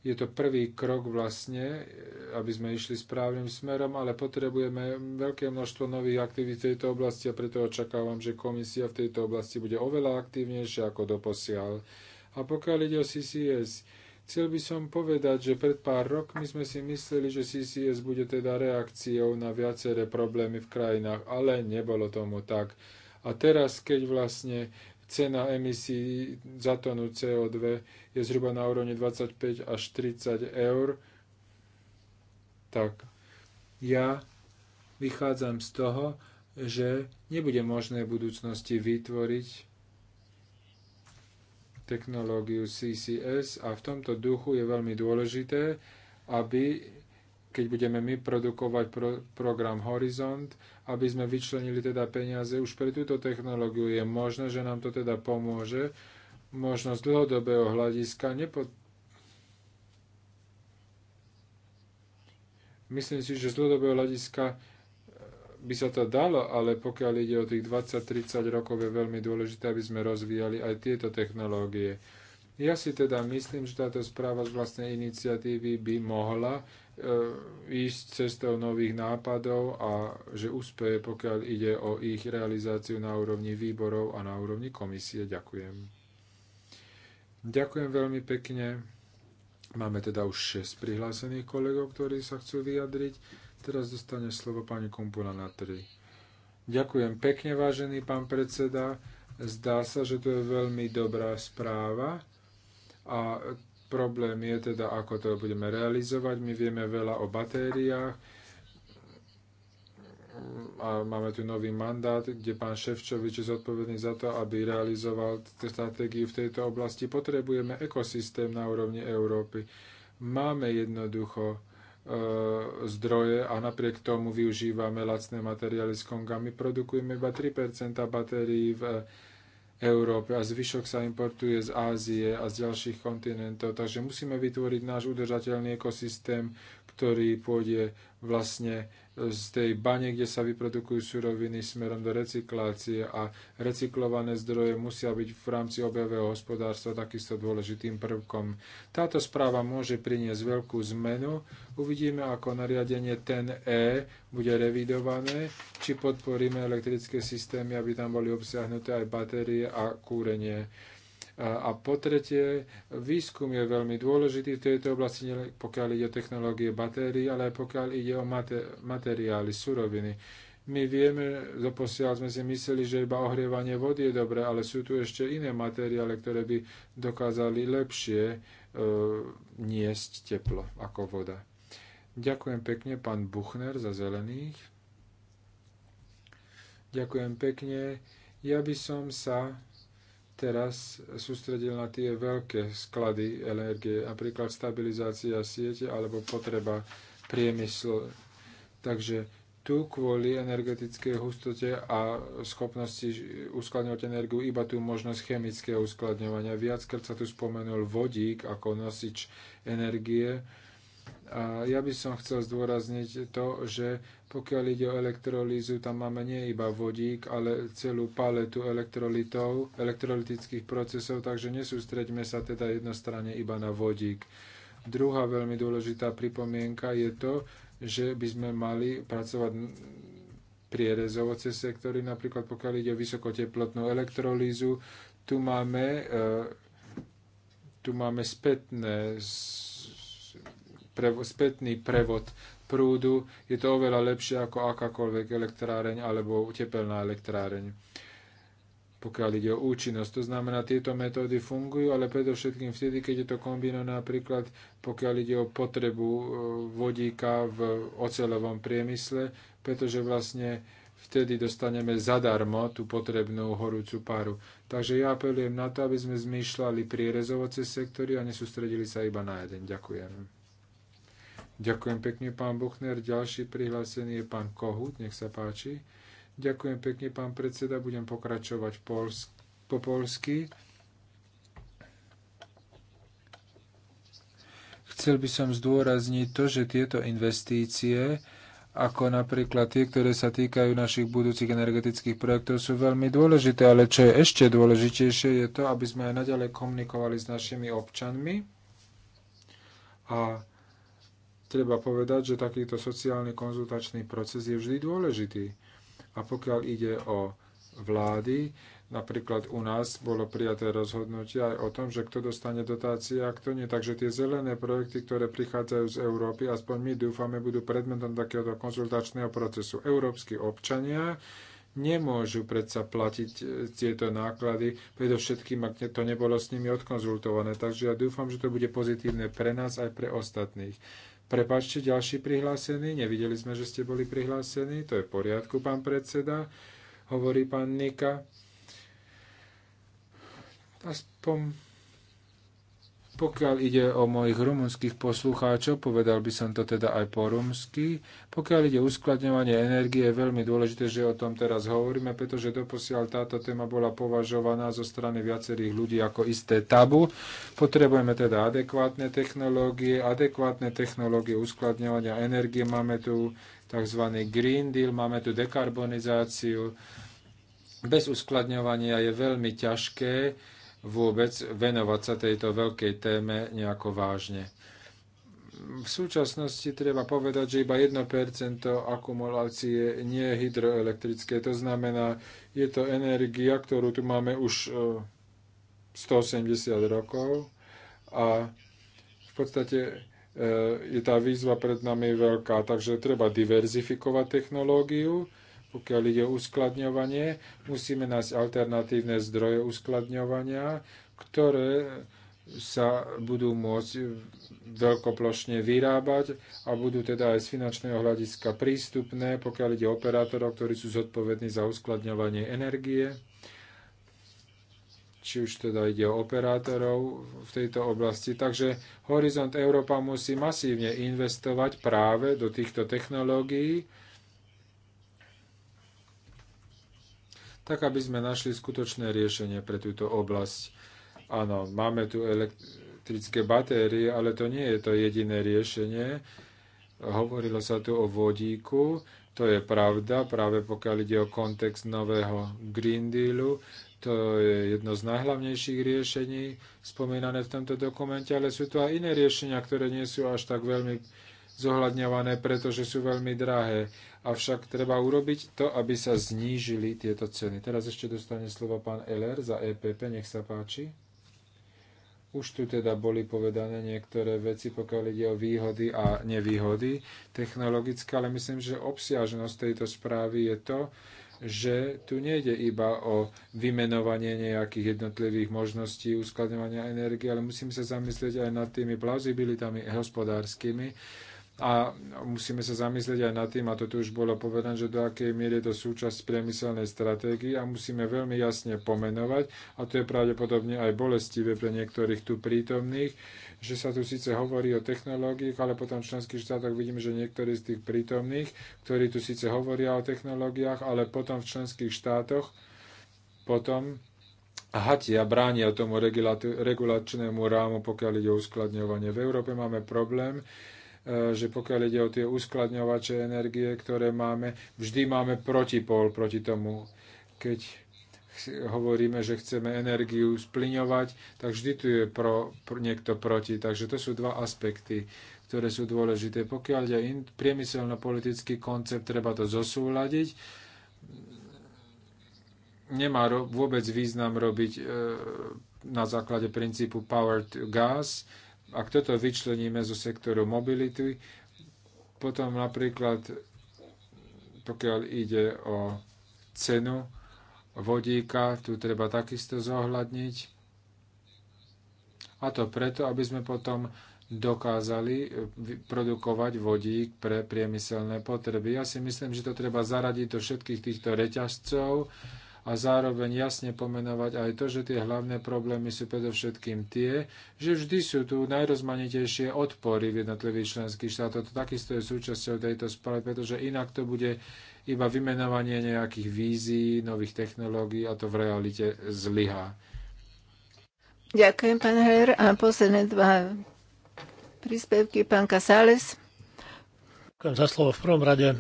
je to prvý krok vlastne, e, aby sme išli správnym smerom, ale potrebujeme veľké množstvo nových aktivít v tejto oblasti a preto očakávam, že komisia v tejto oblasti bude oveľa aktívnejšia ako doposiaľ. A pokiaľ ide o CCS, chcel by som povedať, že pred pár rokmi sme si mysleli, že CCS bude teda reakciou na viaceré problémy v krajinách, ale nebolo tomu tak. A teraz, keď vlastne cena emisí za tonu CO2 je zhruba na úrovni 25 až 30 eur, tak ja vychádzam z toho, že nebude možné v budúcnosti vytvoriť technológiu CCS a v tomto duchu je veľmi dôležité, aby keď budeme my produkovať pro, program Horizont, aby sme vyčlenili teda peniaze už pre túto technológiu. Je možné, že nám to teda pomôže. Možno z dlhodobého hľadiska nepo... Myslím si, že z dlhodobého hľadiska eh, by sa to dalo, ale pokiaľ ide o tých 20-30 rokov, je veľmi dôležité, aby sme rozvíjali aj tieto technológie. Ja si teda myslím, že táto správa z vlastnej iniciatívy by mohla e, ísť cestou nových nápadov a že úspeje, pokiaľ ide o ich realizáciu na úrovni výborov a na úrovni komisie. Ďakujem. Ďakujem veľmi pekne. Máme teda už 6 prihlásených kolegov, ktorí sa chcú vyjadriť. Teraz dostane slovo pani Kumpula na 3. Ďakujem pekne, vážený pán predseda. Zdá sa, že to je veľmi dobrá správa a problém je teda, ako to budeme realizovať. My vieme veľa o batériách a máme tu nový mandát, kde pán Ševčovič je zodpovedný za to, aby realizoval stratégiu v tejto oblasti. Potrebujeme ekosystém na úrovni Európy. Máme jednoducho e, zdroje a napriek tomu využívame lacné materiály z Konga. My produkujeme iba 3 batérií v Európe a zvyšok sa importuje z Ázie a z ďalších kontinentov. Takže musíme vytvoriť náš udržateľný ekosystém, ktorý pôjde vlastne z tej bane, kde sa vyprodukujú suroviny smerom do recyklácie a recyklované zdroje musia byť v rámci objavého hospodárstva takisto dôležitým prvkom. Táto správa môže priniesť veľkú zmenu. Uvidíme, ako nariadenie ten E bude revidované, či podporíme elektrické systémy, aby tam boli obsiahnuté aj batérie a kúrenie. A po tretie, výskum je veľmi dôležitý v tejto oblasti, pokiaľ ide o technológie batérií, ale aj pokiaľ ide o materiály, suroviny. My vieme, doposiaľ sme si mysleli, že iba ohrievanie vody je dobré, ale sú tu ešte iné materiály, ktoré by dokázali lepšie e, niesť teplo ako voda. Ďakujem pekne, pán Buchner za zelených. Ďakujem pekne. Ja by som sa teraz sústredil na tie veľké sklady energie, napríklad stabilizácia siete alebo potreba priemysl. Takže tu kvôli energetickej hustote a schopnosti uskladňovať energiu iba tu možnosť chemického uskladňovania. Viackrát sa tu spomenul vodík ako nosič energie a ja by som chcel zdôrazniť to, že pokiaľ ide o elektrolízu, tam máme nie iba vodík, ale celú paletu elektrolitov, elektrolitických procesov, takže nesústreďme sa teda jednostranne iba na vodík. Druhá veľmi dôležitá pripomienka je to, že by sme mali pracovať prierezovo cez sektory, napríklad pokiaľ ide o vysokoteplotnú elektrolízu, tu máme, e, tu máme spätné prevo, spätný prevod prúdu, je to oveľa lepšie ako akákoľvek elektráreň alebo tepelná elektráreň pokiaľ ide o účinnosť. To znamená, tieto metódy fungujú, ale predovšetkým vtedy, keď je to kombinované napríklad, pokiaľ ide o potrebu e, vodíka v oceľovom priemysle, pretože vlastne vtedy dostaneme zadarmo tú potrebnú horúcu paru. Takže ja apelujem na to, aby sme zmýšľali prierezovo cez sektory a nesústredili sa iba na jeden. Ďakujem. Ďakujem pekne, pán Buchner. Ďalší prihlásený je pán Kohut. Nech sa páči. Ďakujem pekne, pán predseda. Budem pokračovať po polsky. Chcel by som zdôrazniť to, že tieto investície, ako napríklad tie, ktoré sa týkajú našich budúcich energetických projektov, sú veľmi dôležité. Ale čo je ešte dôležitejšie, je to, aby sme aj naďalej komunikovali s našimi občanmi a treba povedať, že takýto sociálny konzultačný proces je vždy dôležitý. A pokiaľ ide o vlády, napríklad u nás bolo prijaté rozhodnutie aj o tom, že kto dostane dotácie a kto nie. Takže tie zelené projekty, ktoré prichádzajú z Európy, aspoň my dúfame, budú predmetom takéhoto konzultačného procesu. Európsky občania nemôžu predsa platiť e, tieto náklady, predovšetkým, ak to nebolo s nimi odkonzultované. Takže ja dúfam, že to bude pozitívne pre nás aj pre ostatných. Prepačte, ďalší prihlásený. Nevideli sme, že ste boli prihlásení. To je v poriadku, pán predseda. Hovorí pán Nika. Aspoň pokiaľ ide o mojich rumunských poslucháčov, povedal by som to teda aj po rumsky, pokiaľ ide o uskladňovanie energie, je veľmi dôležité, že o tom teraz hovoríme, pretože doposiaľ táto téma bola považovaná zo strany viacerých ľudí ako isté tabu. Potrebujeme teda adekvátne technológie, adekvátne technológie uskladňovania energie. Máme tu tzv. Green Deal, máme tu dekarbonizáciu. Bez uskladňovania je veľmi ťažké vôbec venovať sa tejto veľkej téme nejako vážne. V súčasnosti treba povedať, že iba 1% akumulácie nie je hydroelektrické. To znamená, je to energia, ktorú tu máme už 180 e, rokov a v podstate e, je tá výzva pred nami veľká, takže treba diverzifikovať technológiu pokiaľ ide o uskladňovanie, musíme nájsť alternatívne zdroje uskladňovania, ktoré sa budú môcť veľkoplošne vyrábať a budú teda aj z finančného hľadiska prístupné, pokiaľ ide operátorov, ktorí sú zodpovední za uskladňovanie energie. Či už teda ide o operátorov v tejto oblasti. Takže Horizont Európa musí masívne investovať práve do týchto technológií, tak aby sme našli skutočné riešenie pre túto oblasť. Áno, máme tu elektrické batérie, ale to nie je to jediné riešenie. Hovorilo sa tu o vodíku, to je pravda, práve pokiaľ ide o kontext nového Green Dealu, to je jedno z najhlavnejších riešení spomínané v tomto dokumente, ale sú tu aj iné riešenia, ktoré nie sú až tak veľmi zohľadňované, pretože sú veľmi drahé. Avšak treba urobiť to, aby sa znížili tieto ceny. Teraz ešte dostane slovo pán LR za EPP, nech sa páči. Už tu teda boli povedané niektoré veci, pokiaľ ide o výhody a nevýhody technologické, ale myslím, že obsiažnosť tejto správy je to, že tu nejde iba o vymenovanie nejakých jednotlivých možností uskladňovania energie, ale musím sa zamyslieť aj nad tými plauzibilitami hospodárskymi, a musíme sa zamyslieť aj nad tým, a to tu už bolo povedané, že do akej miery je to súčasť priemyselnej stratégie a musíme veľmi jasne pomenovať, a to je pravdepodobne aj bolestivé pre niektorých tu prítomných, že sa tu síce hovorí o technológiách, ale potom v členských štátoch vidíme, že niektorí z tých prítomných, ktorí tu síce hovoria o technológiách, ale potom v členských štátoch potom hatia, bránia tomu regulačnému rámu, pokiaľ ide o uskladňovanie. V Európe máme problém, Eh, že pokiaľ ide o tie uskladňovače energie, ktoré máme, vždy máme protipol proti tomu. Keď hovoríme, že chceme energiu spliňovať, tak vždy tu je pro, pro, niekto proti. Takže to sú dva aspekty, ktoré sú dôležité. Pokiaľ ide priemyselno-politický koncept, treba to zosúľadiť nemá vôbec význam robiť e, na základe princípu power to gas, ak toto vyčleníme zo sektoru mobility, potom napríklad, pokiaľ ide o cenu vodíka, tu treba takisto zohľadniť. A to preto, aby sme potom dokázali eh, produkovať vodík pre priemyselné potreby. Ja si myslím, že to treba zaradiť do všetkých týchto reťazcov a zároveň jasne pomenovať aj to, že tie hlavné problémy sú predovšetkým tie, že vždy sú tu najrozmanitejšie odpory v jednotlivých členských štátoch. To takisto je súčasťou tejto správy, pretože inak to bude iba vymenovanie nejakých vízií, nových technológií a to v realite zlyhá. Ďakujem, pán Heller. A posledné dva príspevky, pán Casales. Ďakujem za slovo. V prvom rade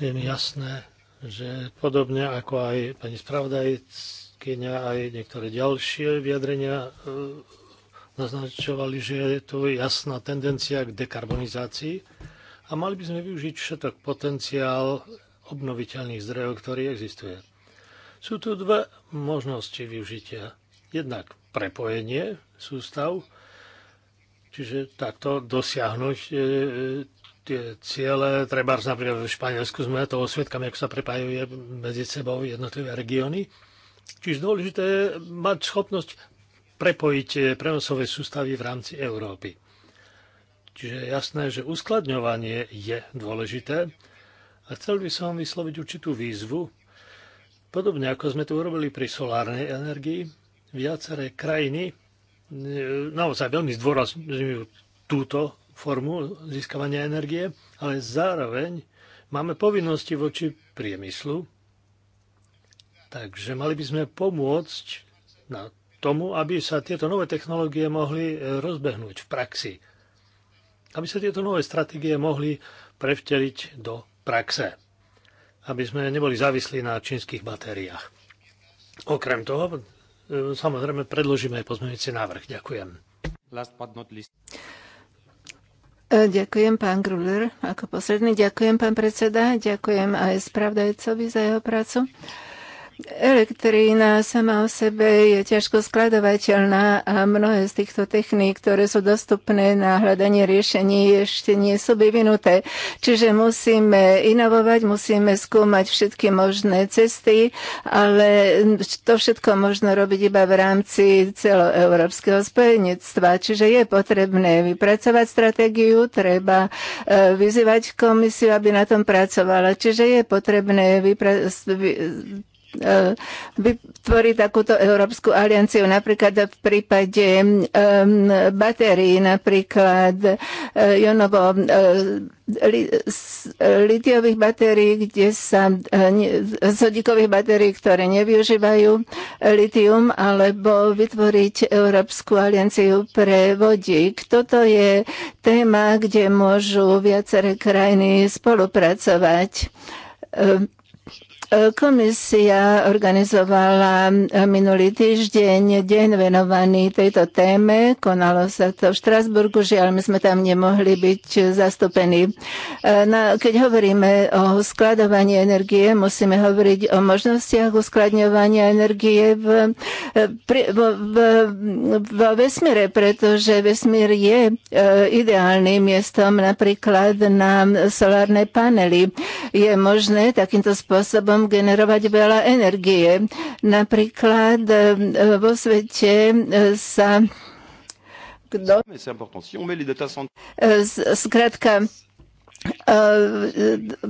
je mi jasné, že podobne ako aj pani spravodajkyňa, aj niektoré ďalšie vyjadrenia e, naznačovali, že je tu jasná tendencia k dekarbonizácii a mali by sme využiť všetok potenciál obnoviteľných zdrojov, ktorý existuje. Sú tu dve možnosti využitia. Jednak prepojenie sústav, čiže takto dosiahnuť e, tie ciele, treba napríklad v Španielsku sme toho osvietkami, ako sa prepájajú medzi sebou jednotlivé regióny. Čiže dôležité je mať schopnosť prepojiť eh, prenosové sústavy v rámci Európy. Čiže je jasné, že uskladňovanie je dôležité a chcel by som vysloviť určitú výzvu. Podobne ako sme to urobili pri solárnej energii, viaceré krajiny eh, naozaj veľmi zdôrazňujú túto formu získavania energie, ale zároveň máme povinnosti voči priemyslu, takže mali by sme pomôcť na tomu, aby sa tieto nové technológie mohli e, rozbehnúť v praxi. Aby sa tieto nové stratégie mohli prevteliť do praxe. Aby sme neboli závislí na čínskych batériách. Okrem toho, e, samozrejme, predložíme aj pozmeňujúci návrh. Ďakujem. Last but not least. E, ďakujem, pán Gruller, ako posledný. Ďakujem, pán predseda. Ďakujem aj spravdajcovi za jeho prácu. Elektrína sama o sebe je ťažko skladovateľná a mnohé z týchto techník, ktoré sú dostupné na hľadanie riešení, ešte nie sú vyvinuté. Čiže musíme inovovať, musíme skúmať všetky možné cesty, ale to všetko možno robiť iba v rámci celoeurópskeho spojenectva. Čiže je potrebné vypracovať stratégiu, treba e, vyzývať komisiu, aby na tom pracovala. Čiže je potrebné vypracovať E, vytvoriť takúto Európsku alianciu. Napríklad v prípade um, batérií, napríklad e, Jonovo e, li, litiových batérií, kde sa sodíkových batérií, ktoré nevyužívajú litium, alebo vytvoriť Európsku alianciu pre vodík. Toto je téma, kde môžu viaceré krajiny spolupracovať. Komisia organizovala eh, minulý týždeň deň venovaný tejto téme. Konalo sa to v Štrasburgu, žiaľ my sme tam nemohli byť zastúpení. Eh, keď hovoríme o skladovaní energie, musíme hovoriť o možnostiach uskladňovania energie v, eh, pri, vo, v, v vesmíre, pretože vesmír je ideálnym miestom napríklad na solárne panely. Je možné takýmto spôsobom spôsobom generovať veľa energie. Napríklad e, vo svete e, sa kto... Skrátka, e,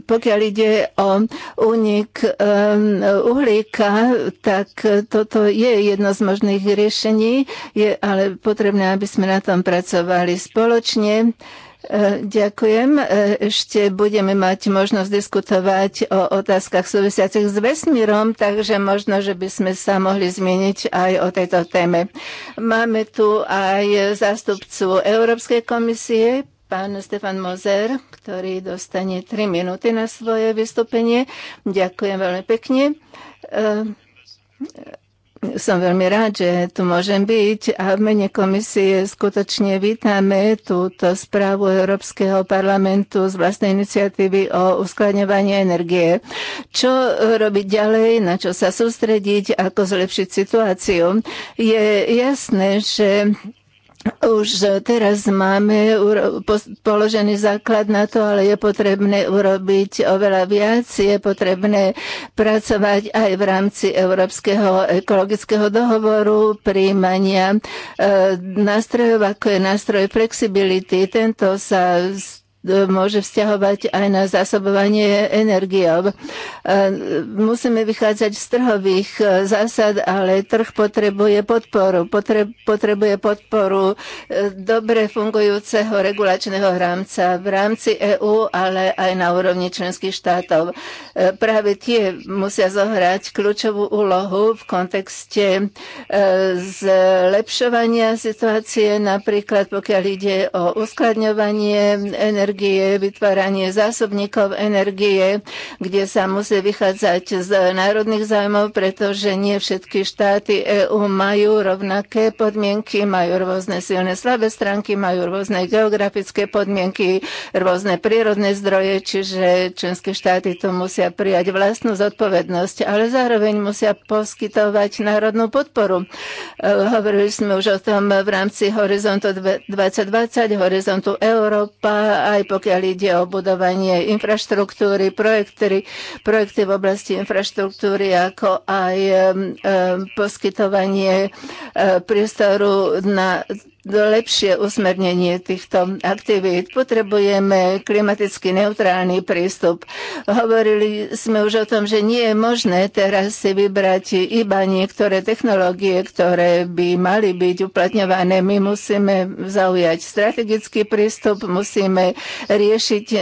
pokiaľ ide o únik uhlíka, tak toto je jedno z možných riešení, je ale potrebné, aby sme na tom pracovali spoločne. E, ďakujem. E, ešte budeme mať možnosť diskutovať o otázkach súvisiacich s vesmírom, takže možno, že by sme sa mohli zmieniť aj o tejto téme. Máme tu aj zástupcu Európskej komisie, pán Stefan Mozer, ktorý dostane 3 minúty na svoje vystúpenie. Ďakujem veľmi pekne. E, som veľmi rád, že tu môžem byť a v mene komisie skutočne vítame túto správu Európskeho parlamentu z vlastnej iniciatívy o uskladňovaní energie. Čo robiť ďalej, na čo sa sústrediť, ako zlepšiť situáciu. Je jasné, že už teraz máme položený základ na to, ale je potrebné urobiť oveľa viac. Je potrebné pracovať aj v rámci Európskeho ekologického dohovoru, príjmania e, nástrojov, ako je nástroj flexibility. Tento sa môže vzťahovať aj na zásobovanie energiou. E, musíme vychádzať z trhových e, zásad, ale trh potrebuje podporu. Potre, potrebuje podporu e, dobre fungujúceho regulačného rámca v rámci EÚ, ale aj na úrovni členských štátov. Práve tie musia zohrať kľúčovú úlohu v kontekste zlepšovania situácie, napríklad pokiaľ ide o uskladňovanie energie, energie, vytváranie zásobníkov energie, kde sa musí vychádzať z národných zájmov, pretože nie všetky štáty EÚ majú rovnaké podmienky, majú rôzne silné slabé stránky, majú rôzne geografické podmienky, rôzne prírodné zdroje, čiže členské štáty to musia prijať vlastnú zodpovednosť, ale zároveň musia poskytovať národnú podporu. E, hovorili sme už o tom v rámci Horizontu 2020, Horizontu Európa, aj aj pokiaľ ide o budovanie infraštruktúry, projekty, projekty v oblasti infraštruktúry, ako aj poskytovanie e, priestoru na lepšie usmernenie týchto aktivít. Potrebujeme klimaticky neutrálny prístup. Hovorili sme už o tom, že nie je možné teraz si vybrať iba niektoré technológie, ktoré by mali byť uplatňované. My musíme zaujať strategický prístup, musíme riešiť e,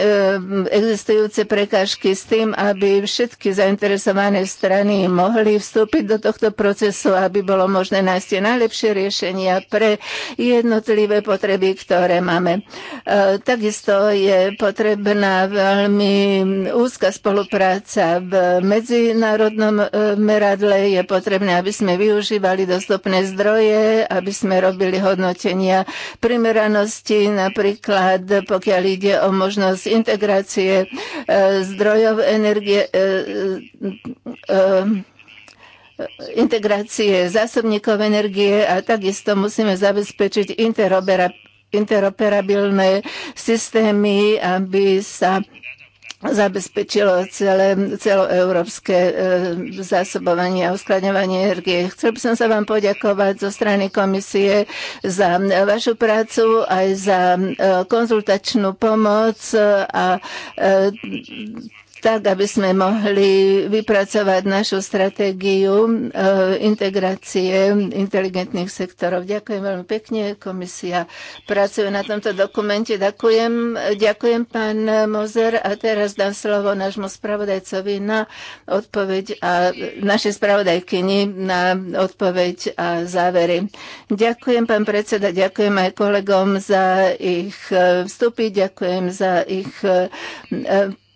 existujúce prekážky s tým, aby všetky zainteresované strany mohli vstúpiť do tohto procesu, aby bolo možné nájsť najlepšie riešenia pre je jednotlivé potreby, ktoré máme. E, takisto je potrebná veľmi úzka spolupráca v medzinárodnom e, meradle. Je potrebné, aby sme využívali dostupné zdroje, aby sme robili hodnotenia primeranosti, napríklad pokiaľ ide o možnosť integrácie e, zdrojov energie, integrácie zásobníkov energie a takisto musíme zabezpečiť interoperabilné systémy, aby sa zabezpečilo celé, celoeurópske e, zásobovanie a uskladňovanie energie. Chcel by som sa vám poďakovať zo strany komisie za vašu prácu, aj za e, konzultačnú pomoc a e, tak aby sme mohli vypracovať našu stratégiu e, integrácie inteligentných sektorov. Ďakujem veľmi pekne. Komisia pracuje na tomto dokumente. Ďakujem, ďakujem pán Mozer a teraz dám slovo nášmu spravodajcovi na odpoveď a našej spravodajkyni na odpoveď a závery. Ďakujem, pán predseda, ďakujem aj kolegom za ich e, vstupy, ďakujem za ich e,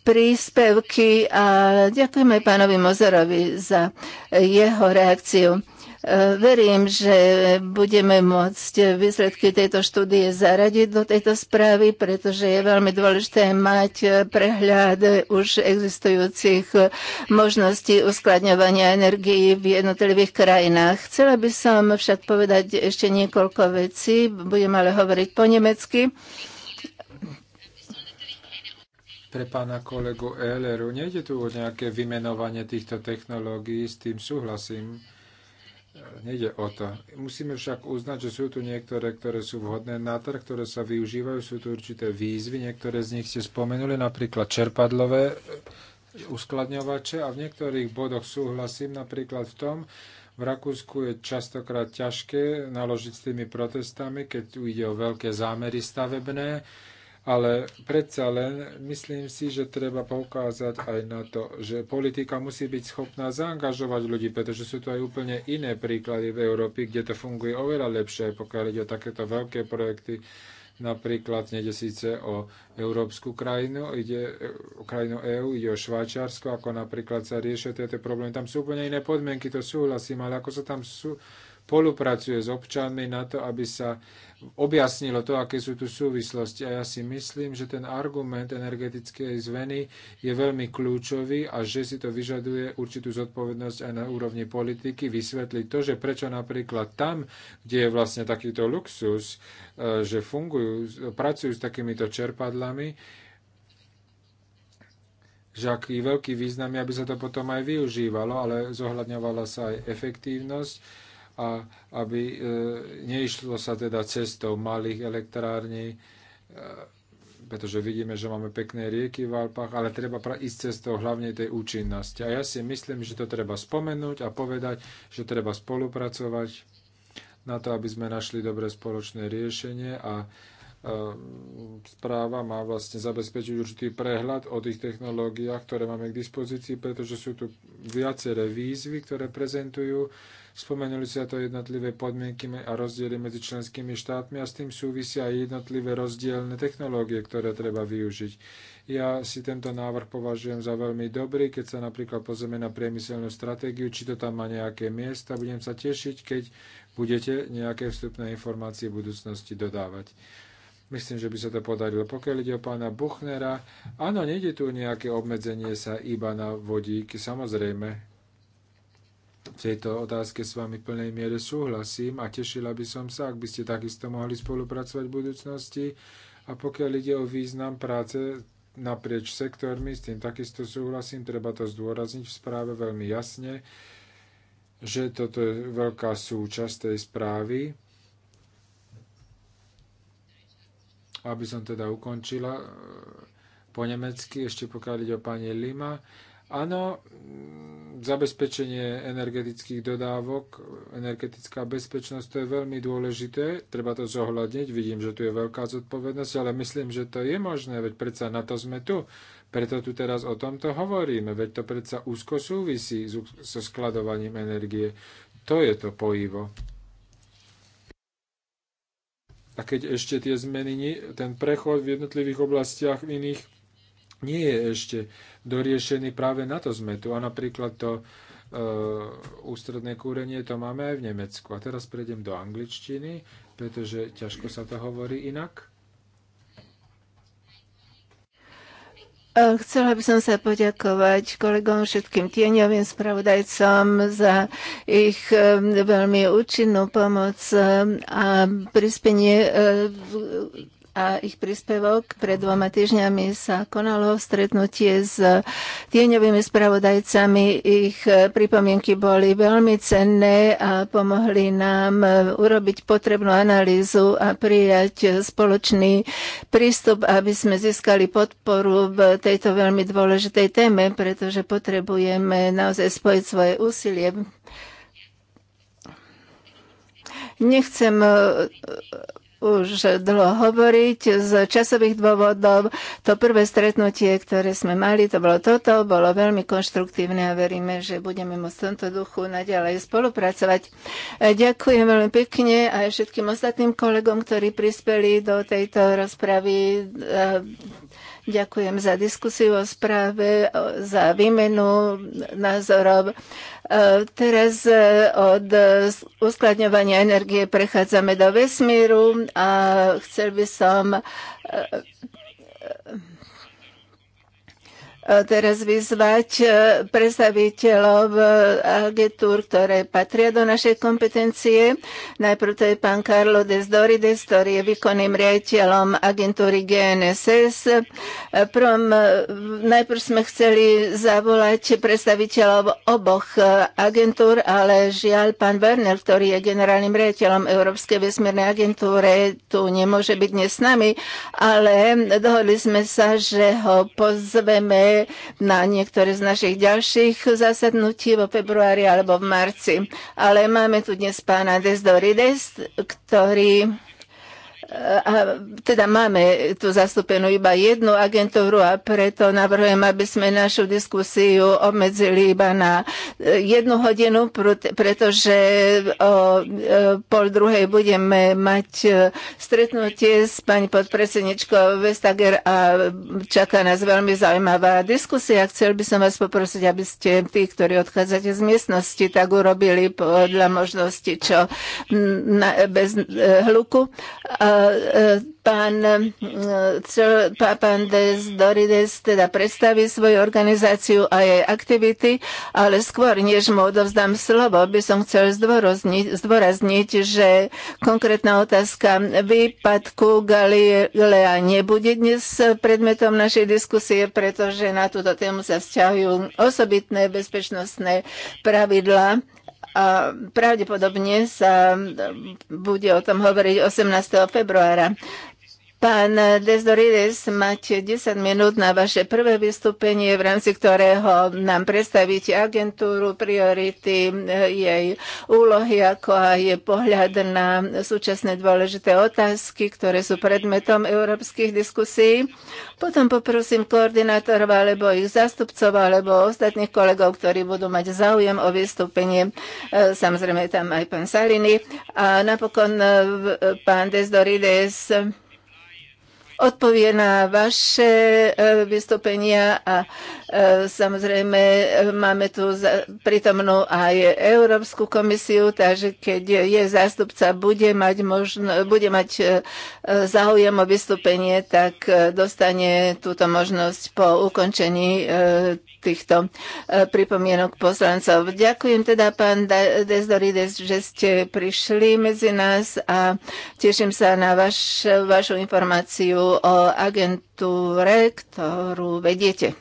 príspevky a ďakujeme pánovi Mozerovi za jeho reakciu. E, verím, že budeme môcť výsledky tejto štúdie zaradiť do tejto správy, pretože je veľmi dôležité mať prehľad už existujúcich možností uskladňovania energii v jednotlivých krajinách. Chcela by som však povedať ešte niekoľko vecí, budem ale hovoriť po nemecky pre pána kolegu Ehleru. Nejde tu o nejaké vymenovanie týchto technológií, s tým súhlasím. Nejde o to. Musíme však uznať, že sú tu niektoré, ktoré sú vhodné na trh, ktoré sa využívajú, sú tu určité výzvy, niektoré z nich ste spomenuli, napríklad čerpadlové uskladňovače a v niektorých bodoch súhlasím, napríklad v tom, v Rakúsku je častokrát ťažké naložiť s tými protestami, keď tu ide o veľké zámery stavebné, ale predsa len myslím si, že treba poukázať aj na to, že politika musí byť schopná zaangažovať ľudí, pretože sú tu aj úplne iné príklady v Európe, kde to funguje oveľa lepšie, pokiaľ ide o takéto veľké projekty. Napríklad nejde síce o európsku krajinu, ide o krajinu EÚ, ide o Švajčiarsko, ako napríklad sa riešia tieto problémy. Tam sú úplne iné podmienky, to súhlasím, ale ako sa tam sú, spolupracuje s občanmi na to, aby sa objasnilo to, aké sú tu súvislosti. A ja si myslím, že ten argument energetickej zveny je veľmi kľúčový a že si to vyžaduje určitú zodpovednosť aj na úrovni politiky vysvetliť to, že prečo napríklad tam, kde je vlastne takýto luxus, e, že fungujú, pracujú s takýmito čerpadlami, že aký veľký význam, aby sa to potom aj využívalo, ale zohľadňovala sa aj efektívnosť a aby e, neišlo sa teda cestou malých elektrární, e, pretože vidíme, že máme pekné rieky v Alpách, ale treba ísť cestou hlavne tej účinnosti. A ja si myslím, že to treba spomenúť a povedať, že treba spolupracovať na to, aby sme našli dobré spoločné riešenie a e, správa má vlastne zabezpečiť určitý prehľad o tých technológiách, ktoré máme k dispozícii, pretože sú tu viaceré výzvy, ktoré prezentujú Spomenuli sa to jednotlivé podmienky a rozdiely medzi členskými štátmi a s tým súvisia aj jednotlivé rozdielne technológie, ktoré treba využiť. Ja si tento návrh považujem za veľmi dobrý, keď sa napríklad pozrieme na priemyselnú stratégiu, či to tam má nejaké miesta. Budem sa tešiť, keď budete nejaké vstupné informácie v budúcnosti dodávať. Myslím, že by sa to podarilo. Pokiaľ ide o pána Buchnera, áno, nejde tu nejaké obmedzenie sa iba na vodíky. Samozrejme, v tejto otázke s vami v plnej miere súhlasím a tešila by som sa, ak by ste takisto mohli spolupracovať v budúcnosti. A pokiaľ ide o význam práce naprieč sektormi, s tým takisto súhlasím, treba to zdôrazniť v správe veľmi jasne, že toto je veľká súčasť tej správy. Aby som teda ukončila eh, po nemecky, ešte pokiaľ ide o pani Lima, Áno, mm, zabezpečenie energetických dodávok, energetická bezpečnosť, to je veľmi dôležité, treba to zohľadniť, vidím, že tu je veľká zodpovednosť, ale myslím, že to je možné, veď predsa na to sme tu, preto tu teraz o tomto hovoríme, veď to predsa úzko súvisí so skladovaním energie. To je to pojivo. A keď ešte tie zmeny, ten prechod v jednotlivých oblastiach iných nie je ešte doriešený. Práve na to sme tu. A napríklad to e, ústredné kúrenie to máme aj v Nemecku. A teraz prejdem do angličtiny, pretože ťažko sa to hovorí inak. E, chcela by som sa poďakovať kolegom všetkým tieňovým spravodajcom za ich e, veľmi účinnú pomoc e, a prispenie a ich príspevok. Pred dvoma týždňami sa konalo stretnutie s tieňovými spravodajcami. Ich e, pripomienky boli veľmi cenné a pomohli nám e, urobiť potrebnú analýzu a prijať spoločný prístup, aby sme získali podporu v tejto veľmi dôležitej téme, pretože potrebujeme naozaj spojiť svoje úsilie Nechcem e, už dlho hovoriť. Z časových dôvodov to prvé stretnutie, ktoré sme mali, to bolo toto, bolo veľmi konštruktívne a veríme, že budeme môcť v tomto duchu naďalej spolupracovať. Ďakujem veľmi pekne aj všetkým ostatným kolegom, ktorí prispeli do tejto rozpravy. Ďakujem za diskusiu o správe, za výmenu názorov. E, teraz e, od uskladňovania energie prechádzame do vesmíru a chcel by som e, teraz vyzvať e, predstaviteľov e, agentúr, ktoré patria do našej kompetencie. Najprv to je pán Karlo Desdorides, ktorý je výkonným riaditeľom agentúry GNSS. E, Prvom, najprv sme chceli zavolať predstaviteľov oboch agentúr, ale žiaľ pán Werner, ktorý je generálnym riaditeľom Európskej vesmírnej agentúre, tu nemôže byť dnes s nami, ale dohodli sme sa, že ho pozveme na niektoré z našich ďalších zasadnutí vo februári alebo v marci. Ale máme tu dnes pána Desdorides, ktorý a teda máme tu zastúpenú iba jednu agentúru a preto navrhujem, aby sme našu diskusiu obmedzili iba na e, jednu hodinu, pretože o e, pol druhej budeme mať e, stretnutie s pani podpredsedničkou Vestager a čaká nás veľmi zaujímavá diskusia. Chcel by som vás poprosiť, aby ste tí, ktorí odchádzate z miestnosti, tak urobili podľa možnosti čo na, bez hluku. A, pán, pán Des Dorides teda predstaví svoju organizáciu a jej aktivity, ale skôr, než mu odovzdám slovo, by som chcel zdôrazniť, že konkrétna otázka výpadku Galilea nebude dnes predmetom našej diskusie, pretože na túto tému sa vzťahujú osobitné bezpečnostné pravidlá a pravdepodobne sa bude o tom hovoriť 18. februára. Pán Desdorides, máte 10 minút na vaše prvé vystúpenie, v rámci ktorého nám predstavíte agentúru, priority, jej úlohy, ako aj pohľad na súčasné dôležité otázky, ktoré sú predmetom európskych diskusí. Potom poprosím koordinátorov alebo ich zastupcov, alebo ostatných kolegov, ktorí budú mať záujem o vystúpenie. E, samozrejme tam aj pán Salini. A napokon e, e, pán Desdorides odpovie na vaše e, vystúpenia a e, samozrejme e, máme tu pritomnú aj Európsku komisiu, takže keď je zástupca, bude mať, možno, bude mať záujem o vystúpenie, tak dostane túto možnosť po ukončení týchto pripomienok poslancov. Ďakujem teda, pán Desdorides, že ste prišli medzi nás a teším sa na vaš, vašu informáciu o eh, agentúre, ktorú vediete.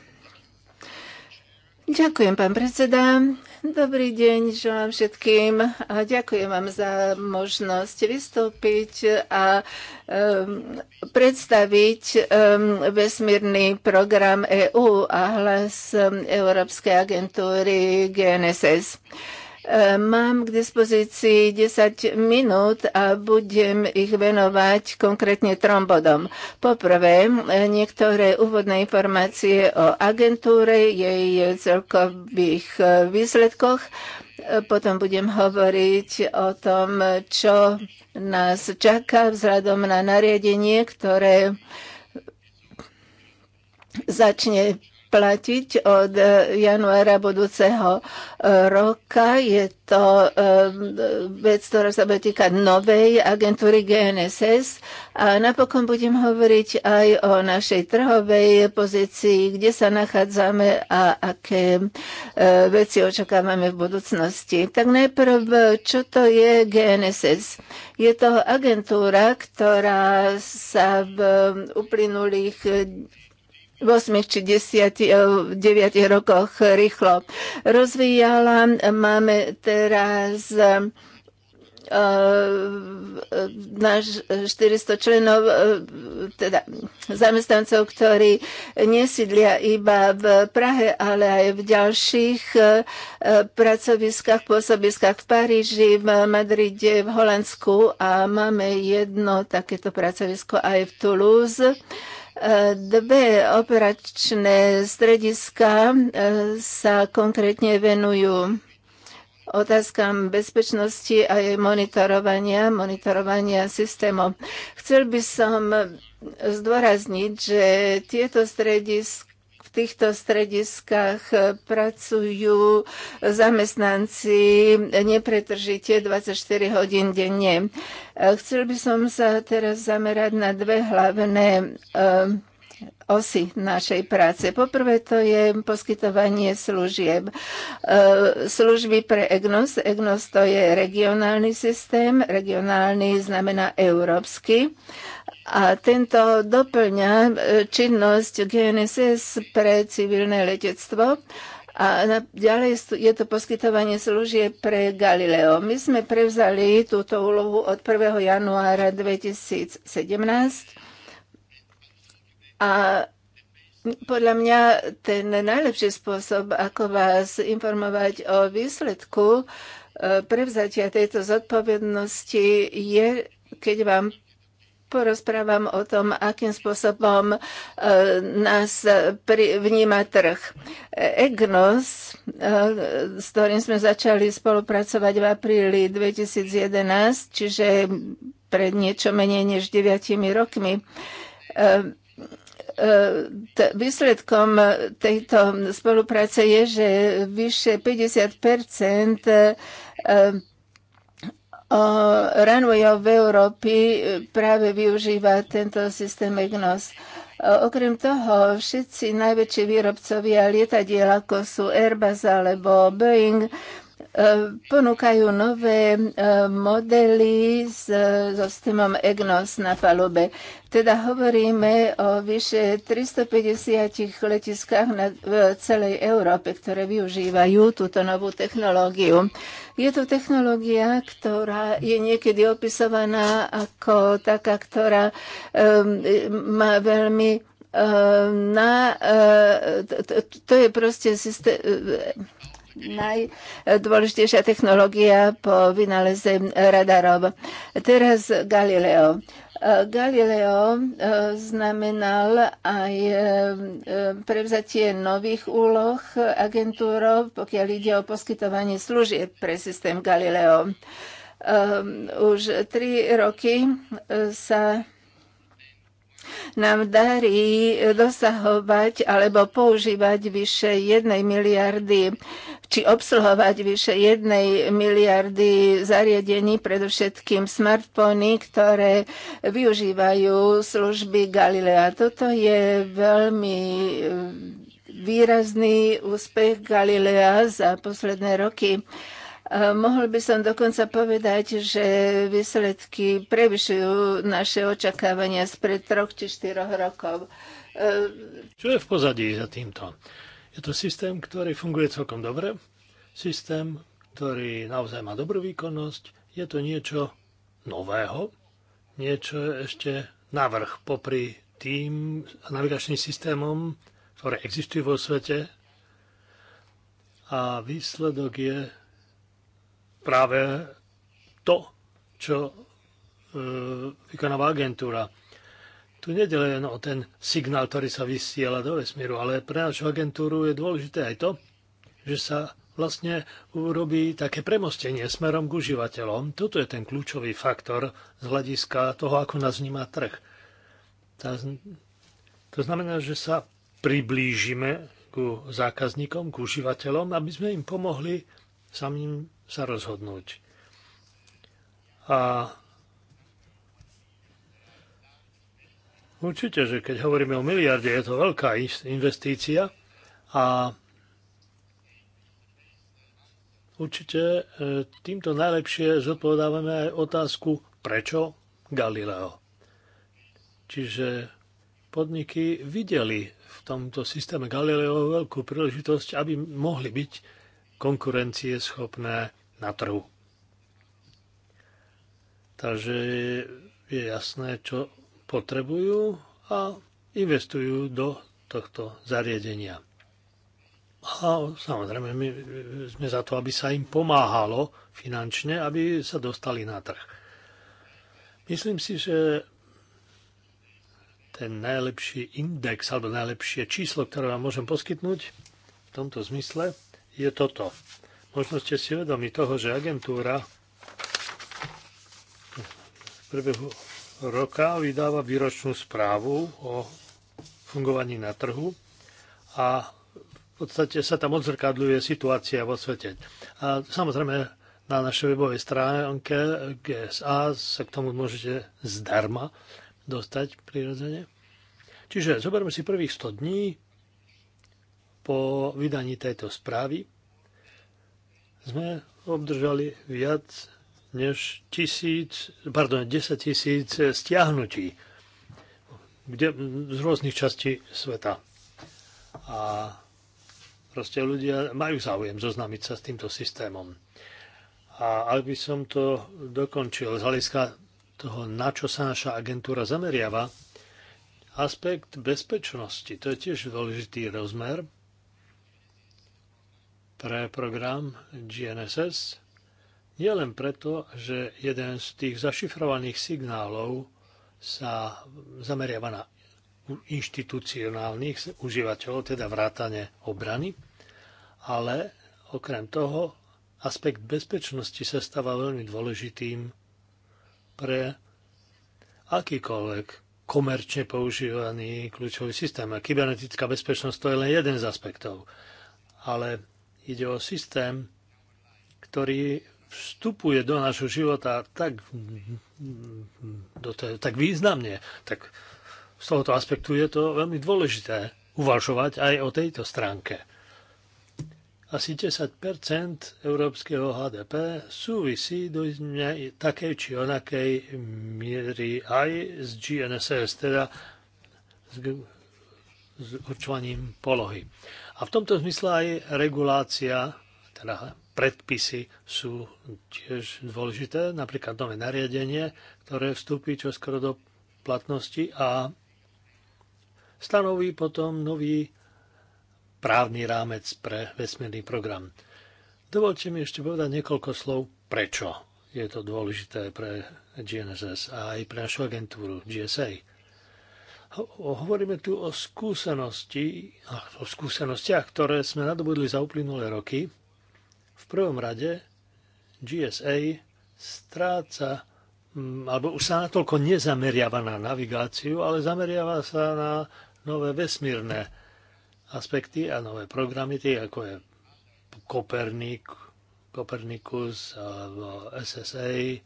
Ďakujem, pán predseda. Dobrý deň želám všetkým a ďakujem vám za možnosť vystúpiť a um, predstaviť um, vesmírny program EÚ a hlas Európskej agentúry GNSS. E, mám k dispozícii 10 minút a budem ich venovať konkrétne trom bodom. Poprvé, e, niektoré úvodné informácie o agentúre, jej celkových e, výsledkoch. Potom budem hovoriť o tom, čo nás čaká vzhľadom na nariadenie, ktoré začne platiť od e, januára budúceho e, roka. Je to e, vec, ktorá sa bude týkať novej agentúry GNSS. A napokon budem hovoriť aj o našej trhovej pozícii, kde sa nachádzame a aké veci očakávame v budúcnosti. Tak najprv, čo to je GNSS? Je to agentúra, ktorá sa v uplynulých v 8 či 10, 9 eh, rokoch rýchlo rozvíjala. Máme teraz eh, náš 400 členov, eh, teda zamestnancov, ktorí nesídlia iba v Prahe, ale aj v ďalších pracoviskách, pôsobiskách v Paríži, v Madride, v Holandsku a máme jedno takéto pracovisko aj v Toulouse Dve operačné strediska e, sa konkrétne venujú otázkam bezpečnosti a jej monitorovania, monitorovania systémov. Chcel by som zdôrazniť, že tieto strediska týchto strediskách pracujú zamestnanci nepretržite 24 hodín denne. Chcel by som sa teraz zamerať na dve hlavné eh, osy našej práce. Poprvé to je poskytovanie služieb. Eh, služby pre EGNOS. EGNOS to je regionálny systém. Regionálny znamená európsky. A tento doplňa e, činnosť GNSS pre civilné letectvo. A ďalej je to poskytovanie služieb pre Galileo. My sme prevzali túto úlohu od 1. januára 2017 a podľa mňa ten najlepší spôsob, ako vás informovať o výsledku e, prevzatia tejto zodpovednosti je, keď vám porozprávam o tom, akým spôsobom e, nás e, vníma trh. EGNOS, e s ktorým sme začali spolupracovať v apríli 2011, čiže pred niečo menej než 9 rokmi, výsledkom tejto spolupráce je, že vyše 50 runway of Európy e, práve využíva tento systém EGNOS. E, okrem toho, všetci najväčší výrobcovia lietadiel, ako sú Airbus alebo Boeing, E, ponúkajú nové e, modely s, so systémom EGNOS na palube. Teda hovoríme o vyše 350 letiskách na, v celej Európe, ktoré využívajú túto novú technológiu. Je to technológia, ktorá je niekedy opisovaná ako taká, ktorá um, má veľmi um, na, uh, e, to, to je proste systém, uh, najdôležitejšia technológia po vynáleze radarov. Teraz Galileo. Galileo eh, znamenal aj eh, prevzatie nových úloh agentúrov, pokiaľ ide o poskytovanie služieb pre systém Galileo. Eh, už tri roky sa nám darí dosahovať alebo používať vyše 1 miliardy či obsluhovať vyše 1 miliardy zariadení, predovšetkým smartfóny, ktoré využívajú služby Galilea. Toto je veľmi e, výrazný úspech Galilea za posledné roky. Mohol by som dokonca povedať, že výsledky prevyšujú naše očakávania spred troch či štyroch rokov. E, Čo je v pozadí za týmto? Je to systém, ktorý funguje celkom dobre, systém, ktorý naozaj má dobrú výkonnosť, je to niečo nového, niečo ešte navrh popri tým navigačným systémom, ktoré existujú vo svete. A výsledok je práve to, čo e, vykonáva agentúra. Tu je len o ten signál, ktorý sa vysiela do vesmíru, ale pre našu agentúru je dôležité aj to, že sa vlastne urobí také premostenie smerom k užívateľom. Toto je ten kľúčový faktor z hľadiska toho, ako nás vníma trh. To znamená, že sa priblížime ku zákazníkom, k užívateľom, aby sme im pomohli samým sa rozhodnúť. A určite, že keď hovoríme o miliarde, je to veľká investícia a určite e, týmto najlepšie zodpovedávame aj otázku, prečo Galileo. Čiže podniky videli v tomto systéme Galileo veľkú príležitosť, aby mohli byť konkurencieschopné na trhu. Takže je jasné, čo potrebujú a investujú do tohto zariadenia. A samozrejme, my sme za to, aby sa im pomáhalo finančne, aby sa dostali na trh. Myslím si, že ten najlepší index alebo najlepšie číslo, ktoré vám môžem poskytnúť v tomto zmysle, je toto. Možno ste si vedomi toho, že agentúra z prvého roka vydáva výročnú správu o fungovaní na trhu a v podstate sa tam odzrkadľuje situácia vo svete. A samozrejme na našej webovej stránke GSA sa k tomu môžete zdarma dostať prirodzene. Čiže zoberme si prvých 100 dní po vydaní tejto správy sme obdržali viac než tisíc, pardon, 10 tisíc stiahnutí kde, z rôznych častí sveta. A proste ľudia majú záujem zoznámiť sa s týmto systémom. A ak by som to dokončil z hľadiska toho, na čo sa naša agentúra zameriava, aspekt bezpečnosti, to je tiež dôležitý rozmer, pre program GNSS, nielen preto, že jeden z tých zašifrovaných signálov sa zameriava na inštitucionálnych užívateľov, teda vrátane obrany, ale okrem toho aspekt bezpečnosti sa stáva veľmi dôležitým pre akýkoľvek komerčne používaný kľúčový systém. A kybernetická bezpečnosť to je len jeden z aspektov. Ale Ide o systém, ktorý vstupuje do našho života tak, do te, tak významne, tak z tohoto aspektu je to veľmi dôležité uvažovať aj o tejto stránke. Asi 10 európskeho HDP súvisí do takej či onakej miery aj s GNSS, teda s, s určovaním polohy. A v tomto zmysle aj regulácia, teda predpisy sú tiež dôležité, napríklad nové nariadenie, ktoré vstúpi čoskoro do platnosti a stanoví potom nový právny rámec pre vesmírny program. Dovolte mi ešte povedať niekoľko slov, prečo je to dôležité pre GNSS a aj pre našu agentúru GSA. Hovoríme tu o skúsenosti, o skúsenostiach, ktoré sme nadobudli za uplynulé roky. V prvom rade GSA stráca alebo už sa natoľko nezameriava na navigáciu, ale zameriava sa na nové vesmírne aspekty a nové programy, tie ako je Kopernik, Kopernikus SSA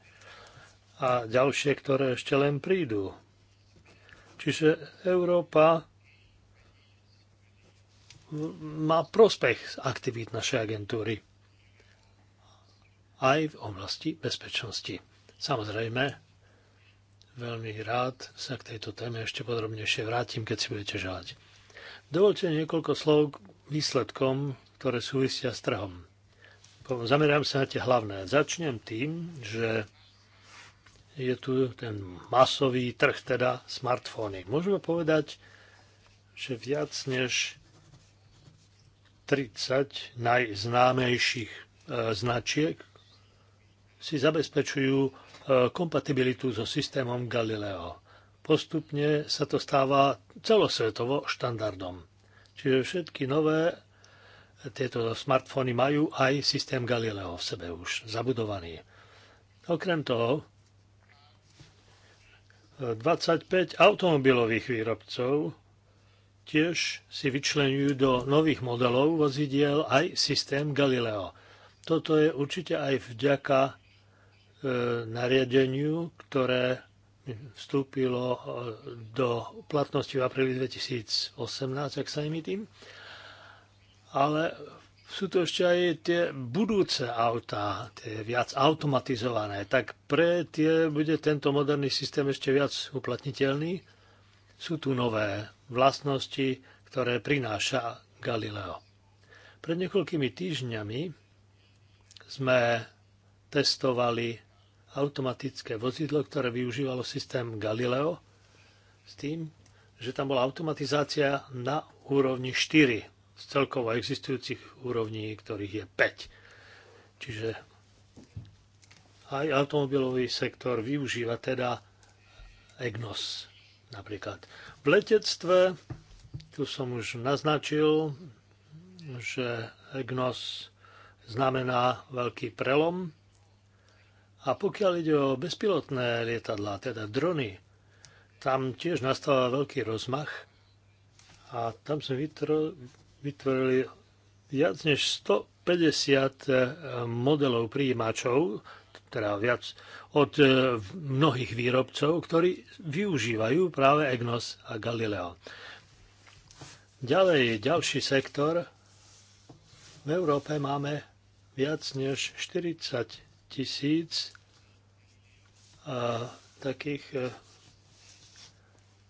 a ďalšie, ktoré ešte len prídu. Čiže Európa má prospech z aktivít našej agentúry aj v oblasti bezpečnosti. Samozrejme, veľmi rád sa k tejto téme ešte podrobnejšie vrátim, keď si budete želať. Dovolte niekoľko slov k výsledkom, ktoré súvisia s trhom. Zamerám sa na tie hlavné. Začnem tým, že je tu ten masový trh, teda smartfóny. Môžeme povedať, že viac než 30 najznámejších e, značiek si zabezpečujú e, kompatibilitu so systémom Galileo. Postupne sa to stáva celosvetovo štandardom. Čiže všetky nové e, tieto smartfóny majú aj systém Galileo v sebe už zabudovaný. Okrem toho, 25 automobilových výrobcov tiež si vyčlenujú do nových modelov vozidiel aj systém Galileo. Toto je určite aj vďaka e, nariadeniu, ktoré vstúpilo e, do platnosti v apríli 2018, ak sa nemýtim. Ale sú to ešte aj tie budúce autá, tie viac automatizované, tak pre tie bude tento moderný systém ešte viac uplatniteľný. Sú tu nové vlastnosti, ktoré prináša Galileo. Pred niekoľkými týždňami sme testovali automatické vozidlo, ktoré využívalo systém Galileo s tým, že tam bola automatizácia na úrovni 4 z celkovo existujúcich úrovní, ktorých je 5. Čiže aj automobilový sektor využíva teda EGNOS napríklad. V letectve, tu som už naznačil, že EGNOS znamená veľký prelom. A pokiaľ ide o bezpilotné lietadlá, teda drony, tam tiež nastáva veľký rozmach a tam som vytro- vytvorili viac než 150 e, modelov príjimačov, teda viac od e, mnohých výrobcov, ktorí využívajú práve EGNOS a Galileo. Ďalej, ďalší sektor. V Európe máme viac než 40 tisíc e, takých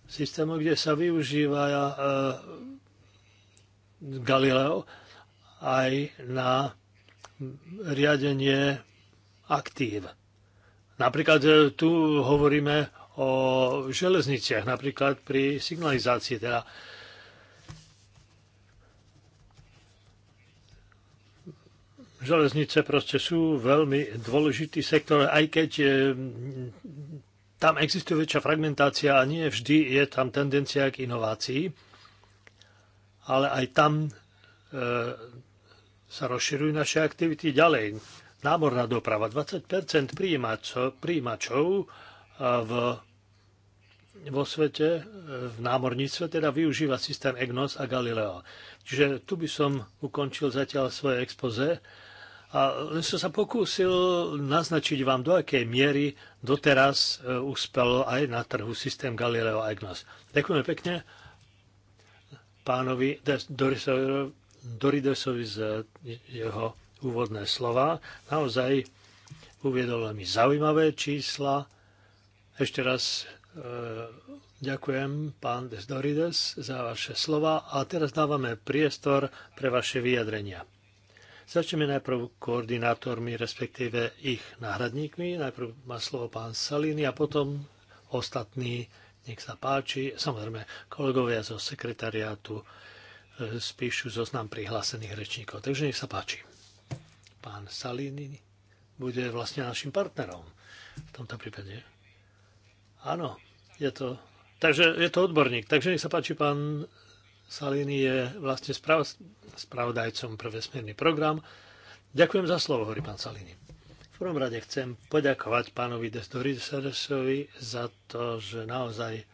systémov, kde sa využívajú Galileo aj na riadenie aktív. Napríklad e, tu hovoríme o železniciach, napríklad pri signalizácii. Teda železnice proste sú veľmi dôležitý sektor, aj keď e, tam existuje väčšia fragmentácia a nie vždy je tam tendencia k inovácii ale aj tam e, sa rozširujú naše aktivity ďalej. Námorná doprava, 20 príjimačov, e, v, vo svete, e, v námorníctve, teda využíva systém EGNOS a Galileo. Čiže tu by som ukončil zatiaľ svoje expoze a len som sa pokúsil naznačiť vám, do akej miery doteraz uspelo e, aj na trhu systém Galileo a EGNOS. Ďakujem pekne pánovi Doridesovi za jeho úvodné slova. Naozaj uviedol veľmi zaujímavé čísla. Ešte raz e, Ďakujem, pán Des Dorides za vaše slova a teraz dávame priestor pre vaše vyjadrenia. Začneme najprv koordinátormi, respektíve ich náhradníkmi. Najprv má slovo pán Salini a potom ostatní nech sa páči. Samozrejme, kolegovia zo sekretariátu e, spíšu zoznam prihlásených rečníkov. Takže nech sa páči. Pán Salini bude vlastne našim partnerom v tomto prípade. Áno, je to. Takže je to odborník. Takže nech sa páči, pán Salini je vlastne sprav, spravodajcom pre vesmírny program. Ďakujem za slovo, hovorí pán Salini. V prvom rade chcem poďakovať pánovi Destorisadesovi za to, že naozaj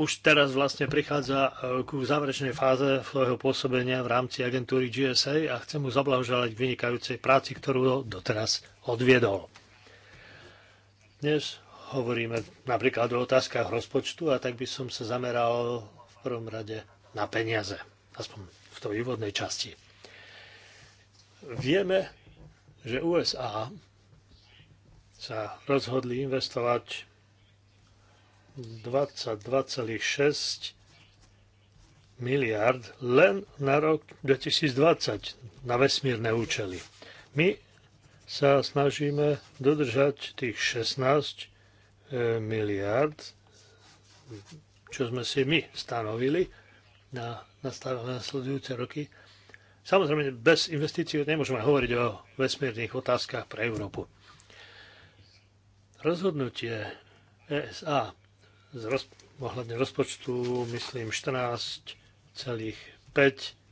už teraz vlastne prichádza eh, ku záverečnej fáze svojho pôsobenia v rámci agentúry GSA a chcem mu zablahoželať k vynikajúcej práci, ktorú doteraz odviedol. Dnes hovoríme napríklad o otázkach rozpočtu a tak by som sa zameral v prvom rade na peniaze, aspoň v tej úvodnej časti. Vieme, že USA sa rozhodli investovať 22,6 miliard len na rok 2020 na vesmírne účely. My sa snažíme dodržať tých 16 eh, miliard, čo sme si my stanovili na nastavené sledujúce roky Samozrejme, bez investícií nemôžeme hovoriť o vesmírnych otázkach pre Európu. Rozhodnutie ESA z roz, ohľadne rozpočtu, myslím, 14,5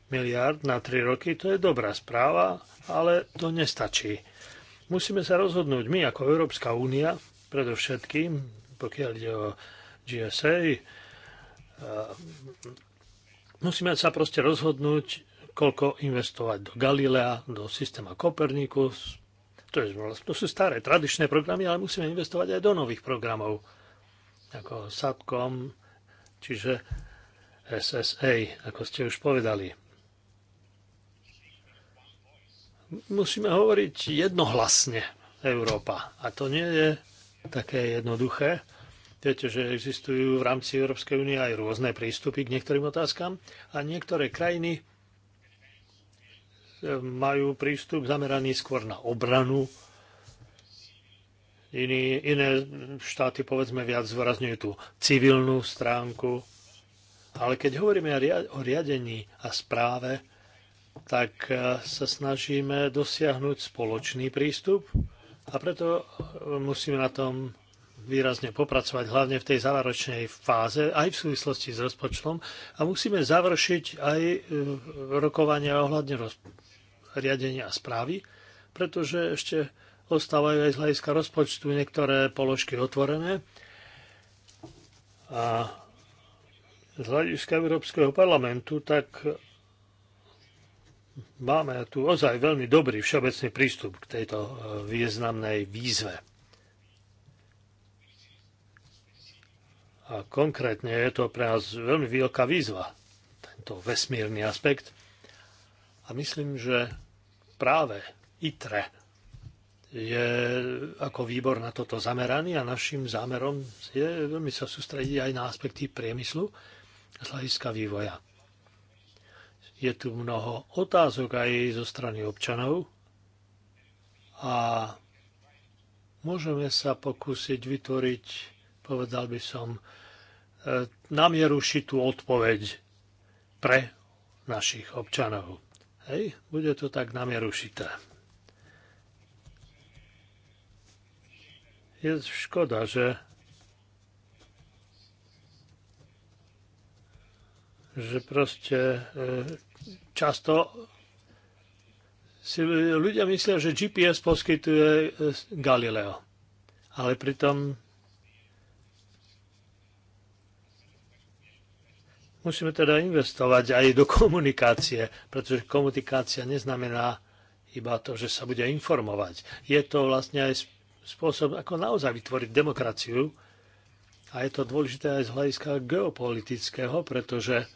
miliard na 3 roky, to je dobrá správa, ale to nestačí. Musíme sa rozhodnúť my ako Európska únia, predovšetkým, pokiaľ ide o GSA, musíme sa proste rozhodnúť, koľko investovať do Galilea, do systéma Copernicus. To, je, to sú staré tradičné programy, ale musíme investovať aj do nových programov, ako SATCOM, čiže SSA, ako ste už povedali. Musíme hovoriť jednohlasne Európa. A to nie je také jednoduché. Viete, že existujú v rámci Európskej únie aj rôzne prístupy k niektorým otázkam a niektoré krajiny majú prístup zameraný skôr na obranu. Iní, iné štáty, povedzme, viac zvorazňujú tú civilnú stránku. Ale keď hovoríme o riadení a správe, tak e, sa snažíme dosiahnuť spoločný prístup a preto e, musíme na tom výrazne popracovať, hlavne v tej záverečnej fáze, aj v súvislosti s rozpočtom. A musíme završiť aj e, rokovania ohľadne roz... riadenia a správy, pretože ešte ostávajú aj z hľadiska rozpočtu niektoré položky otvorené. A z hľadiska Európskeho parlamentu, tak máme tu ozaj veľmi dobrý všeobecný prístup k tejto e, významnej výzve. A konkrétne je to pre nás veľmi veľká výzva, tento vesmírny aspekt. A myslím, že práve ITRE je ako výbor na toto zameraný a našim zámerom je veľmi sa sústrediť aj na aspekty priemyslu z hľadiska vývoja. Je tu mnoho otázok aj zo strany občanov a môžeme sa pokúsiť vytvoriť povedal by som, e, na šitú odpoveď pre našich občanov. Hej, bude to tak na šité. Je škoda, že že proste e, často si ľudia myslia, že GPS poskytuje e, Galileo. Ale pritom Musíme teda investovať aj do komunikácie, pretože komunikácia neznamená iba to, že sa bude informovať. Je to vlastne aj spôsob, ako naozaj vytvoriť demokraciu a je to dôležité aj z hľadiska geopolitického, pretože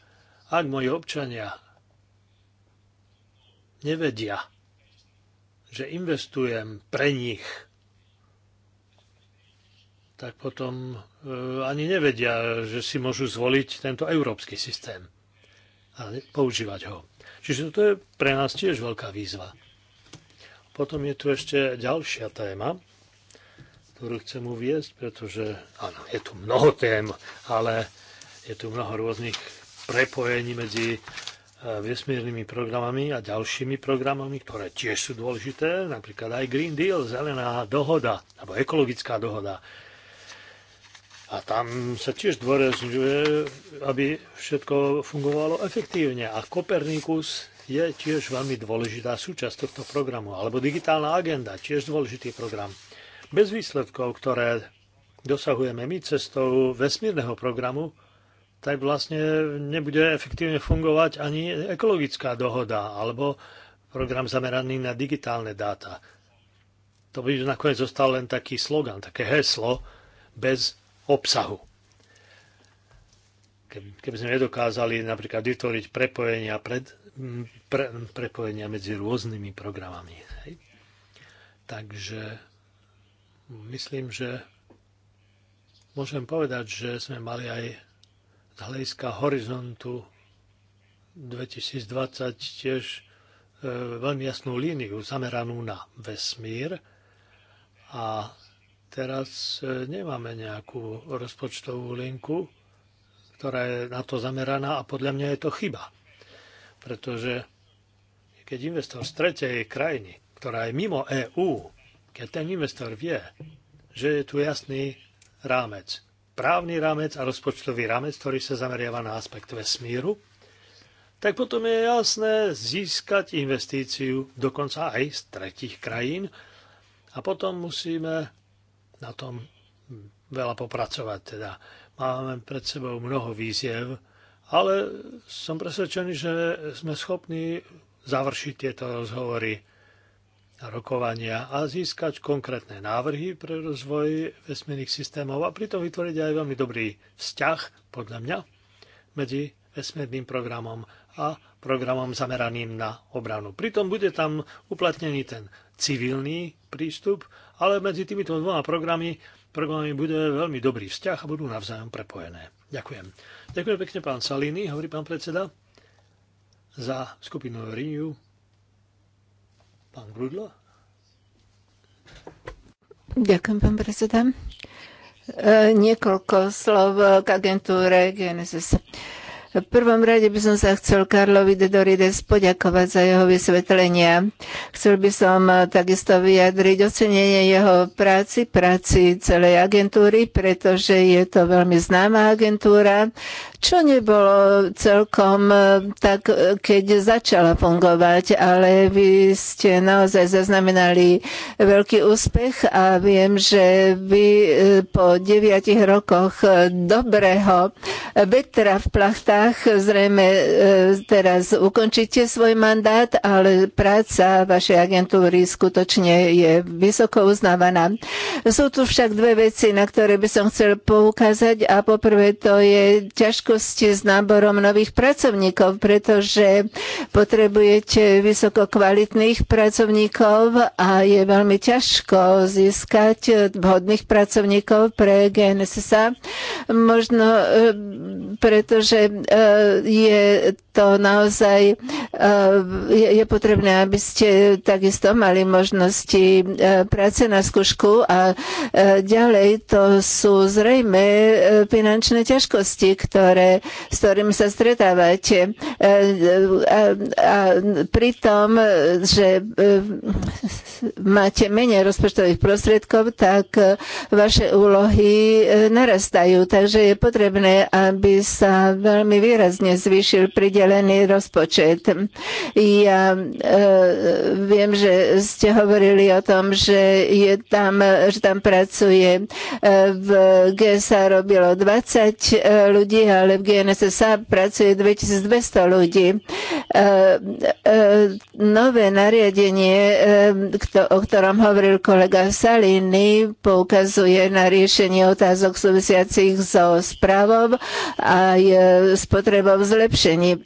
ak moji občania nevedia, že investujem pre nich tak potom e, ani nevedia, že si môžu zvoliť tento európsky systém a používať ho. Čiže to je pre nás tiež veľká výzva. Potom je tu ešte ďalšia téma, ktorú chcem uviezť, pretože áno, je tu mnoho tém, ale je tu mnoho rôznych prepojení medzi e, vesmírnymi programami a ďalšími programami, ktoré tiež sú dôležité, napríklad aj Green Deal, zelená dohoda, alebo ekologická dohoda. A tam sa tiež dôrazňuje, aby všetko fungovalo efektívne. A Kopernikus je tiež veľmi dôležitá súčasť tohto programu. Alebo digitálna agenda, tiež dôležitý program. Bez výsledkov, ktoré dosahujeme my cestou vesmírneho programu, tak vlastne nebude efektívne fungovať ani ekologická dohoda alebo program zameraný na digitálne dáta. To by nakoniec zostal len taký slogan, také heslo bez obsahu. Keby sme nedokázali napríklad vytvoriť prepojenia, pred, pre, prepojenia medzi rôznymi programami. Hej. Takže myslím, že môžem povedať, že sme mali aj z hľadiska horizontu 2020 tiež e, veľmi jasnú líniu zameranú na vesmír a teraz e, nemáme nejakú rozpočtovú linku, ktorá je na to zameraná a podľa mňa je to chyba. Pretože keď investor z tretej krajiny, ktorá je mimo EÚ, keď ten investor vie, že je tu jasný rámec, právny rámec a rozpočtový rámec, ktorý sa zameriava na aspekt vesmíru, tak potom je jasné získať investíciu dokonca aj z tretich krajín a potom musíme na tom veľa popracovať. Teda. Máme pred sebou mnoho výziev, ale som presvedčený, že sme schopní završiť tieto rozhovory a rokovania a získať konkrétne návrhy pre rozvoj vesmírnych systémov a pritom vytvoriť aj veľmi dobrý vzťah, podľa mňa, medzi vesmírnym programom a programom zameraným na obranu. Pritom bude tam uplatnený ten civilný prístup, ale medzi týmito dvoma programy, programy bude veľmi dobrý vzťah a budú navzájom prepojené. Ďakujem. Ďakujem pekne pán Salini, hovorí pán predseda, za skupinu Renew. Pán Grudlo. Ďakujem, pán predseda. E, niekoľko slov k agentúre E, v prvom rade by som sa chcel Karlovi de Dorides poďakovať za jeho vysvetlenia. Chcel by som eh, takisto vyjadriť ocenenie jeho práci, práci celej agentúry, pretože je to veľmi známa agentúra, čo nebolo celkom eh, tak, eh, keď začala fungovať, ale vy ste naozaj zaznamenali veľký úspech a viem, že vy po deviatich rokoch dobrého vetra v plachtách voľbách. Zrejme e, teraz ukončíte svoj mandát, ale práca vašej agentúry skutočne je vysoko uznávaná. Sú tu však dve veci, na ktoré by som chcel poukázať a poprvé to je ťažkosti s náborom nových pracovníkov, pretože potrebujete vysoko kvalitných pracovníkov a je veľmi ťažko získať vhodných pracovníkov pre GNSSA. Možno e, pretože Eh, je to naozaj eh, je, je potrebné, aby ste takisto mali možnosti eh, práce na skúšku a ďalej to sú zrejme finančné ťažkosti, ktoré, s ktorými sa stretávate. A, a pritom, že máte menej rozpočtových prostriedkov, tak vaše úlohy narastajú. Takže je potrebné, aby sa veľmi výrazne zvýšil pridelený rozpočet. Ja e, viem, že ste hovorili o tom, že, je tam, že tam pracuje e, v GSA robilo 20 e, ľudí, ale v GNSSA pracuje 2200 ľudí. E, e, nové nariadenie, e, o ktorom hovoril kolega Salini, poukazuje na riešenie otázok súvisiacich so správou a s spotrebou zlepšenie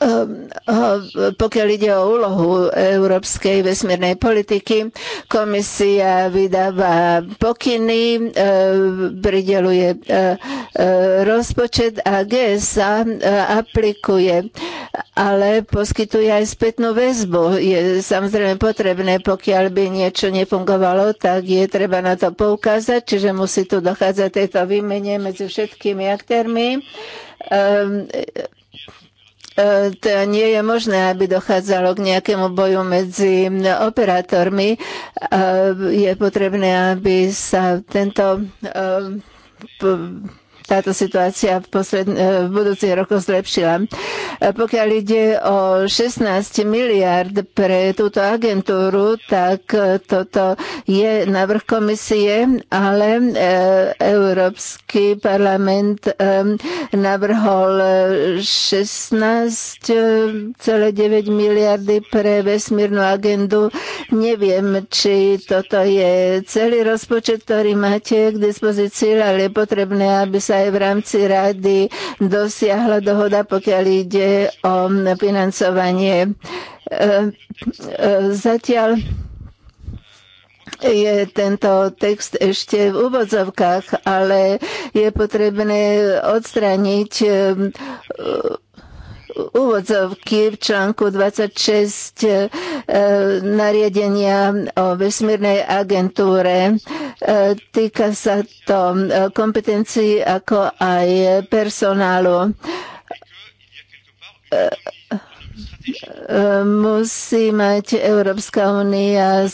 Ehm, ehm, pokiaľ ide o úlohu európskej vesmírnej politiky, komisia vydáva pokyny, ehm, prideluje rozpočet a GSA e aplikuje, ale poskytuje aj spätnú väzbu. Je samozrejme potrebné, pokiaľ by niečo nefungovalo, tak je treba na to poukázať, čiže musí tu dochádzať tejto výmene medzi všetkými aktérmi. To nie je možné, aby dochádzalo k nejakému boju medzi operátormi. Je potrebné, aby sa tento e, táto situácia v, posledn- e, v budúcich rokoch zlepšila. E, pokiaľ ide o 16 miliard pre túto agentúru, tak e, toto je návrh komisie, ale Európsky parlament navrhol 16,9 miliardy pre vesmírnu agendu. Neviem, či toto je celý rozpočet, ktorý máte k dispozícii, ale je potrebné, aby sa aj v rámci rady dosiahla dohoda, pokiaľ ide o financovanie. E, e, zatiaľ je tento text ešte v úvodzovkách, ale je potrebné odstrániť e, úvodzovky v článku 26 e, nariadenia o vesmírnej agentúre. E, týka sa to e, kompetencií ako aj personálu. musí mať Európska únia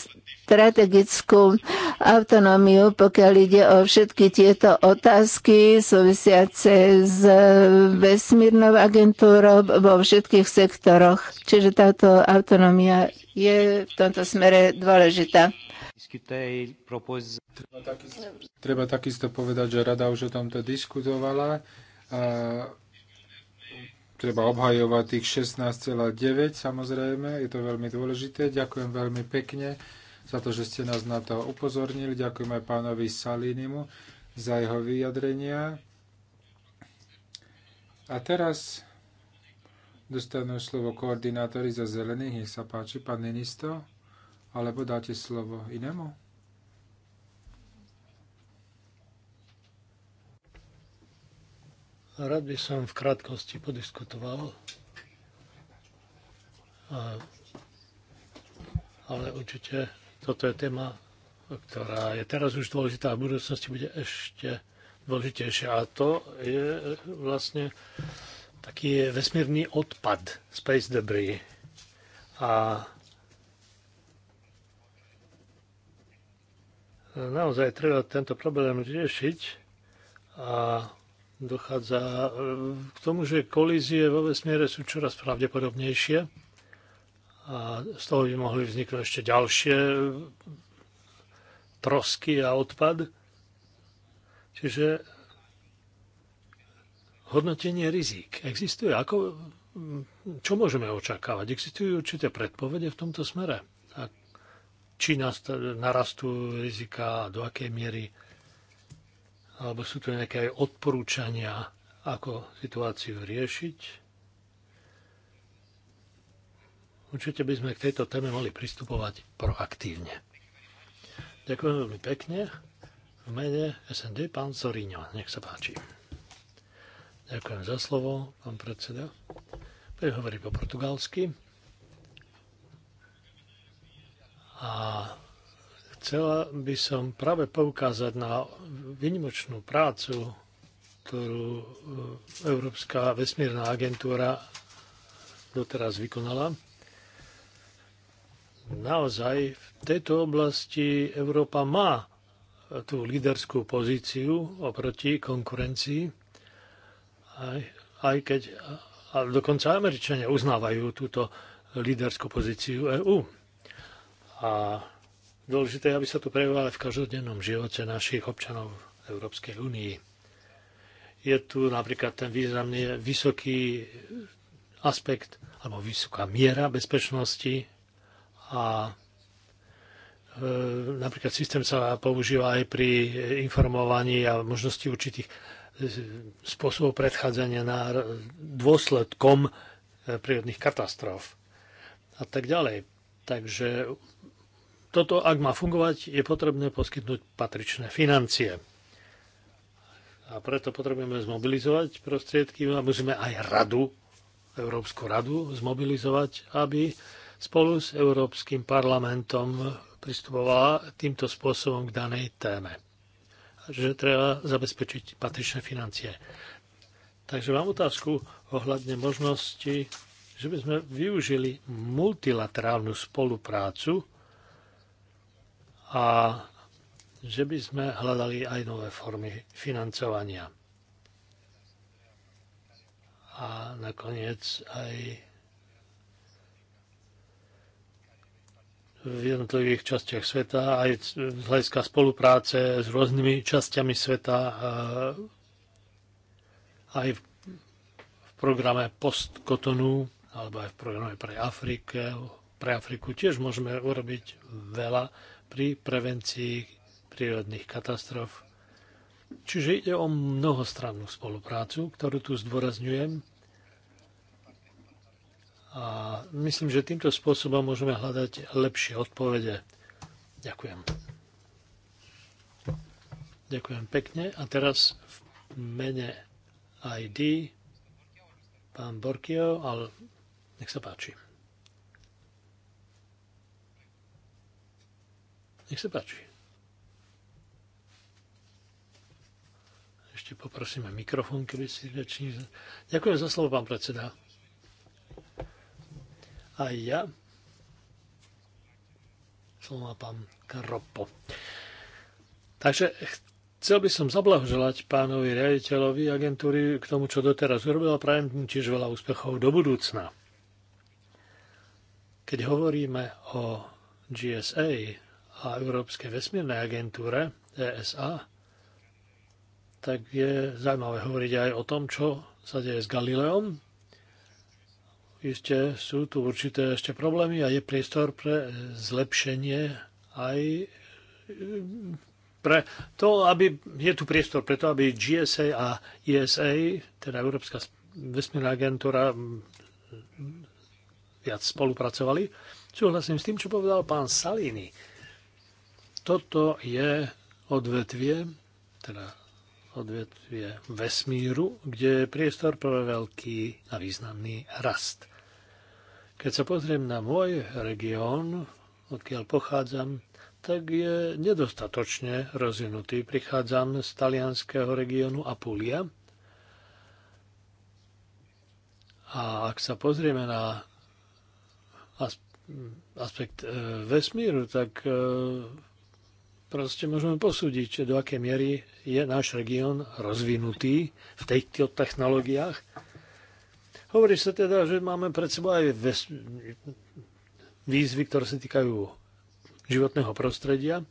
strategickú autonómiu, pokiaľ ide o všetky tieto otázky súvisiace s vesmírnou agentúrou vo všetkých sektoroch. Čiže táto autonómia je v tomto smere dôležitá. Treba takisto, treba takisto povedať, že rada už o tomto diskutovala. A treba obhajovať tých 16,9 samozrejme, je to veľmi dôležité. Ďakujem veľmi pekne za to, že ste nás na to upozornili. Ďakujeme pánovi Salinimu za jeho vyjadrenia. A teraz dostanú slovo koordinátori za zelených. Nech sa páči, pán ministro, alebo dáte slovo inému? Rád by som v krátkosti podiskutoval, ale určite toto je téma, ktorá je teraz už dôležitá a v budúcnosti bude ešte dôležitejšia. A to je vlastne taký vesmírny odpad, space debris. A naozaj treba tento problém riešiť a dochádza k tomu, že kolízie vo vesmíre sú čoraz pravdepodobnejšie a z toho by mohli vzniknúť ešte ďalšie trosky a odpad. Čiže hodnotenie rizík existuje. Ako, čo môžeme očakávať? Existujú určité predpovede v tomto smere? A či narastú rizika, do akej miery? Alebo sú tu nejaké odporúčania, ako situáciu riešiť? Určite by sme k tejto téme mali pristupovať proaktívne. Ďakujem veľmi pekne. V mene SND pán Zoríňo, nech sa páči. Ďakujem za slovo, pán predseda. Budem hovoriť po portugalsky. A chcela by som práve poukázať na vynimočnú prácu, ktorú e, Európska vesmírna agentúra doteraz vykonala naozaj v tejto oblasti Európa má tú líderskú pozíciu oproti konkurencii, aj, aj keď a dokonca Američania uznávajú túto líderskú pozíciu EÚ. A dôležité je, aby sa to prejavovalo v každodennom živote našich občanov Európskej únii. Je tu napríklad ten významný vysoký aspekt alebo vysoká miera bezpečnosti a e, napríklad systém sa používa aj pri informovaní a možnosti určitých e, spôsobov predchádzania na dôsledkom e, prírodných katastrof a tak ďalej. Takže toto, ak má fungovať, je potrebné poskytnúť patričné financie. A preto potrebujeme zmobilizovať prostriedky a musíme aj radu, Európsku radu zmobilizovať, aby spolu s Európskym parlamentom pristupovala týmto spôsobom k danej téme. Že treba zabezpečiť patričné financie. Takže mám otázku ohľadne možnosti, že by sme využili multilaterálnu spoluprácu a že by sme hľadali aj nové formy financovania. A nakoniec aj v jednotlivých častiach sveta, aj z hľadiska spolupráce s rôznymi časťami sveta, eh, aj v programe postkotonu, alebo aj v programe pre, Afrike, pre Afriku tiež môžeme urobiť veľa pri prevencii prírodných katastrof. Čiže ide o mnohostrannú spoluprácu, ktorú tu zdôrazňujem a myslím, že týmto spôsobom môžeme hľadať lepšie odpovede. Ďakujem. Ďakujem pekne. A teraz v mene ID pán Borkio, ale nech sa páči. Nech sa páči. Ešte poprosíme mikrofón, keby si rečník... Ďakujem za slovo, pán predseda aj ja. Slovo pán kropo. Takže chcel by som zablahoželať pánovi riaditeľovi agentúry k tomu, čo doteraz urobil a prajem tiež veľa úspechov do budúcna. Keď hovoríme o GSA a Európskej vesmírnej agentúre ESA, tak je zaujímavé hovoriť aj o tom, čo sa deje s Galileom, Isté sú tu určité ešte problémy a je priestor pre zlepšenie aj pre to, aby je tu priestor pre to, aby GSA a ESA, e teda Európska vesmírna agentúra, viac spolupracovali. Súhlasím s tým, čo povedal pán Salini. Toto je odvetvie, teda odvetvie vesmíru, kde je priestor pre veľký a významný rast. Keď sa pozriem na môj región, odkiaľ pochádzam, tak je nedostatočne rozvinutý. Prichádzam z talianského regiónu Apulia. A ak sa pozrieme na aspekt e, vesmíru, tak e, proste môžeme posúdiť, do akej miery je náš región rozvinutý v týchto technológiách. Hovorí sa teda, že máme pred sebou aj výzvy, ktoré sa týkajú životného prostredia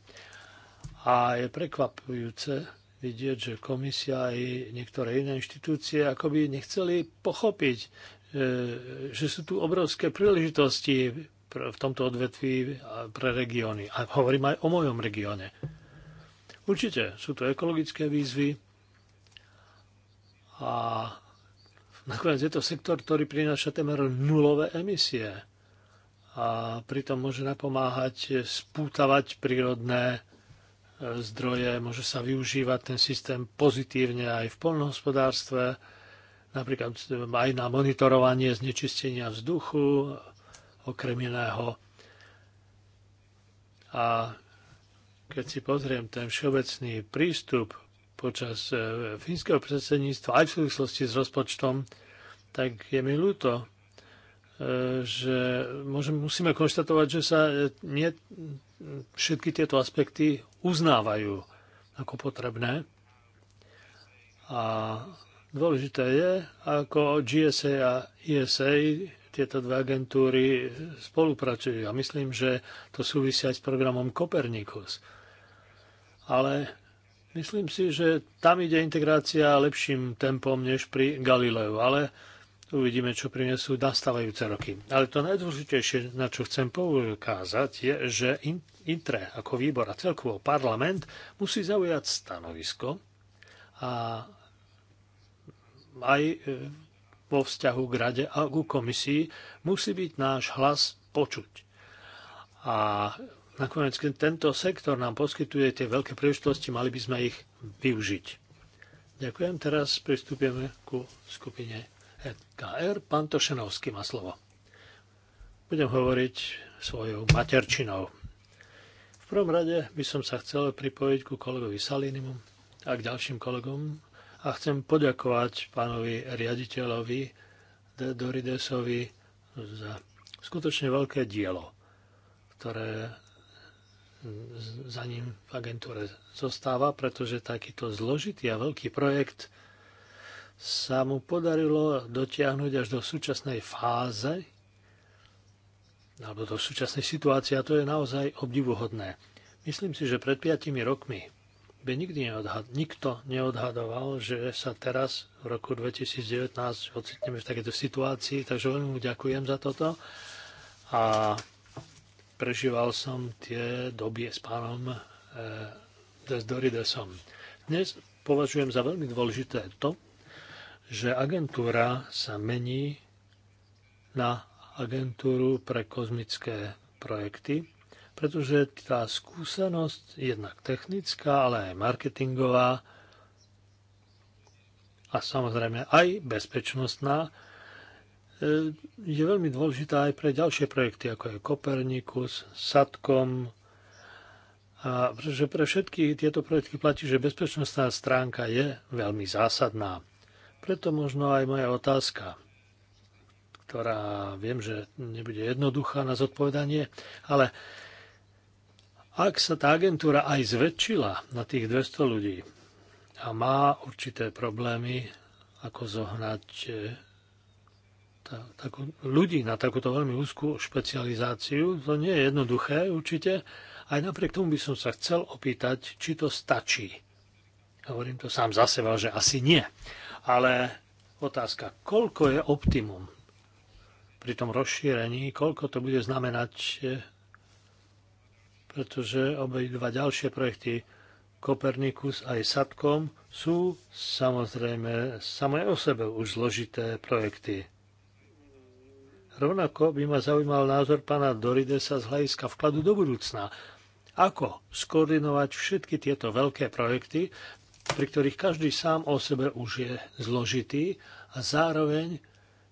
a je prekvapujúce vidieť, že komisia aj niektoré iné inštitúcie akoby nechceli pochopiť, e, že sú tu obrovské príležitosti v tomto odvetví pre regióny. A hovorím aj o mojom regióne. Určite sú to ekologické výzvy a nakoniec je to sektor, ktorý prináša temer nulové emisie a pritom môže napomáhať spútavať prírodné e, zdroje, môže sa využívať ten systém pozitívne aj v polnohospodárstve, napríklad aj na monitorovanie znečistenia vzduchu okrem iného. A keď si pozriem ten všeobecný prístup počas e, fínskeho predsedníctva aj v súvislosti s rozpočtom, tak je mi ľúto, e, že môžem, musíme konštatovať, že sa e, nie všetky tieto aspekty uznávajú ako potrebné. A dôležité je, ako GSA a ESA tieto dve agentúry spolupracujú. A ja myslím, že to súvisia aj s programom Copernicus. Ale myslím si, že tam ide integrácia lepším tempom než pri Galileu. Ale uvidíme, čo prinesú nastávajúce roky. Ale to najdôležitejšie, na čo chcem poukázať, je, že INTRE ako výbor a celkovo parlament musí zaujať stanovisko a aj e, vo vzťahu k rade a ku komisii, musí byť náš hlas počuť. A nakoniec, keď tento sektor nám poskytuje tie veľké príležitosti, mali by sme ich využiť. Ďakujem. Teraz pristúpime ku skupine EKR. Pán Tošenovský má slovo. Budem hovoriť svojou materčinou. V prvom rade by som sa chcel pripojiť ku kolegovi Salinimu a k ďalším kolegom, a chcem poďakovať pánovi riaditeľovi Doridesovi za skutočne veľké dielo, ktoré za ním v agentúre zostáva, pretože takýto zložitý a veľký projekt sa mu podarilo dotiahnuť až do súčasnej fáze, alebo do súčasnej situácie a to je naozaj obdivuhodné. Myslím si, že pred 5 rokmi by nikdy neodhad, nikto neodhadoval, že sa teraz v roku 2019 ocitneme v takejto situácii, takže veľmi mu ďakujem za toto a prežíval som tie doby s pánom e, Desdoridesom. Dnes považujem za veľmi dôležité to, že agentúra sa mení na agentúru pre kozmické projekty, pretože tá skúsenosť, jednak technická, ale aj marketingová a samozrejme aj bezpečnostná, e, je veľmi dôležitá aj pre ďalšie projekty, ako je Kopernikus, Satkom, a pretože pre všetky tieto projekty platí, že bezpečnostná stránka je veľmi zásadná. Preto možno aj moja otázka, ktorá viem, že nebude jednoduchá na zodpovedanie, ale ak sa tá agentúra aj zväčšila na tých 200 ľudí a má určité problémy, ako zohnať e, takú, ľudí na takúto veľmi úzkú špecializáciu, to nie je jednoduché určite. Aj napriek tomu by som sa chcel opýtať, či to stačí. Hovorím to sám za seba, že asi nie. Ale otázka, koľko je optimum pri tom rozšírení, koľko to bude znamenať e, pretože obidva ďalšie projekty Kopernikus aj Satkom sú samozrejme samé o sebe už zložité projekty. Rovnako by ma zaujímal názor pána Doridesa z hľadiska vkladu do budúcna. Ako skoordinovať všetky tieto veľké projekty, pri ktorých každý sám o sebe už je zložitý a zároveň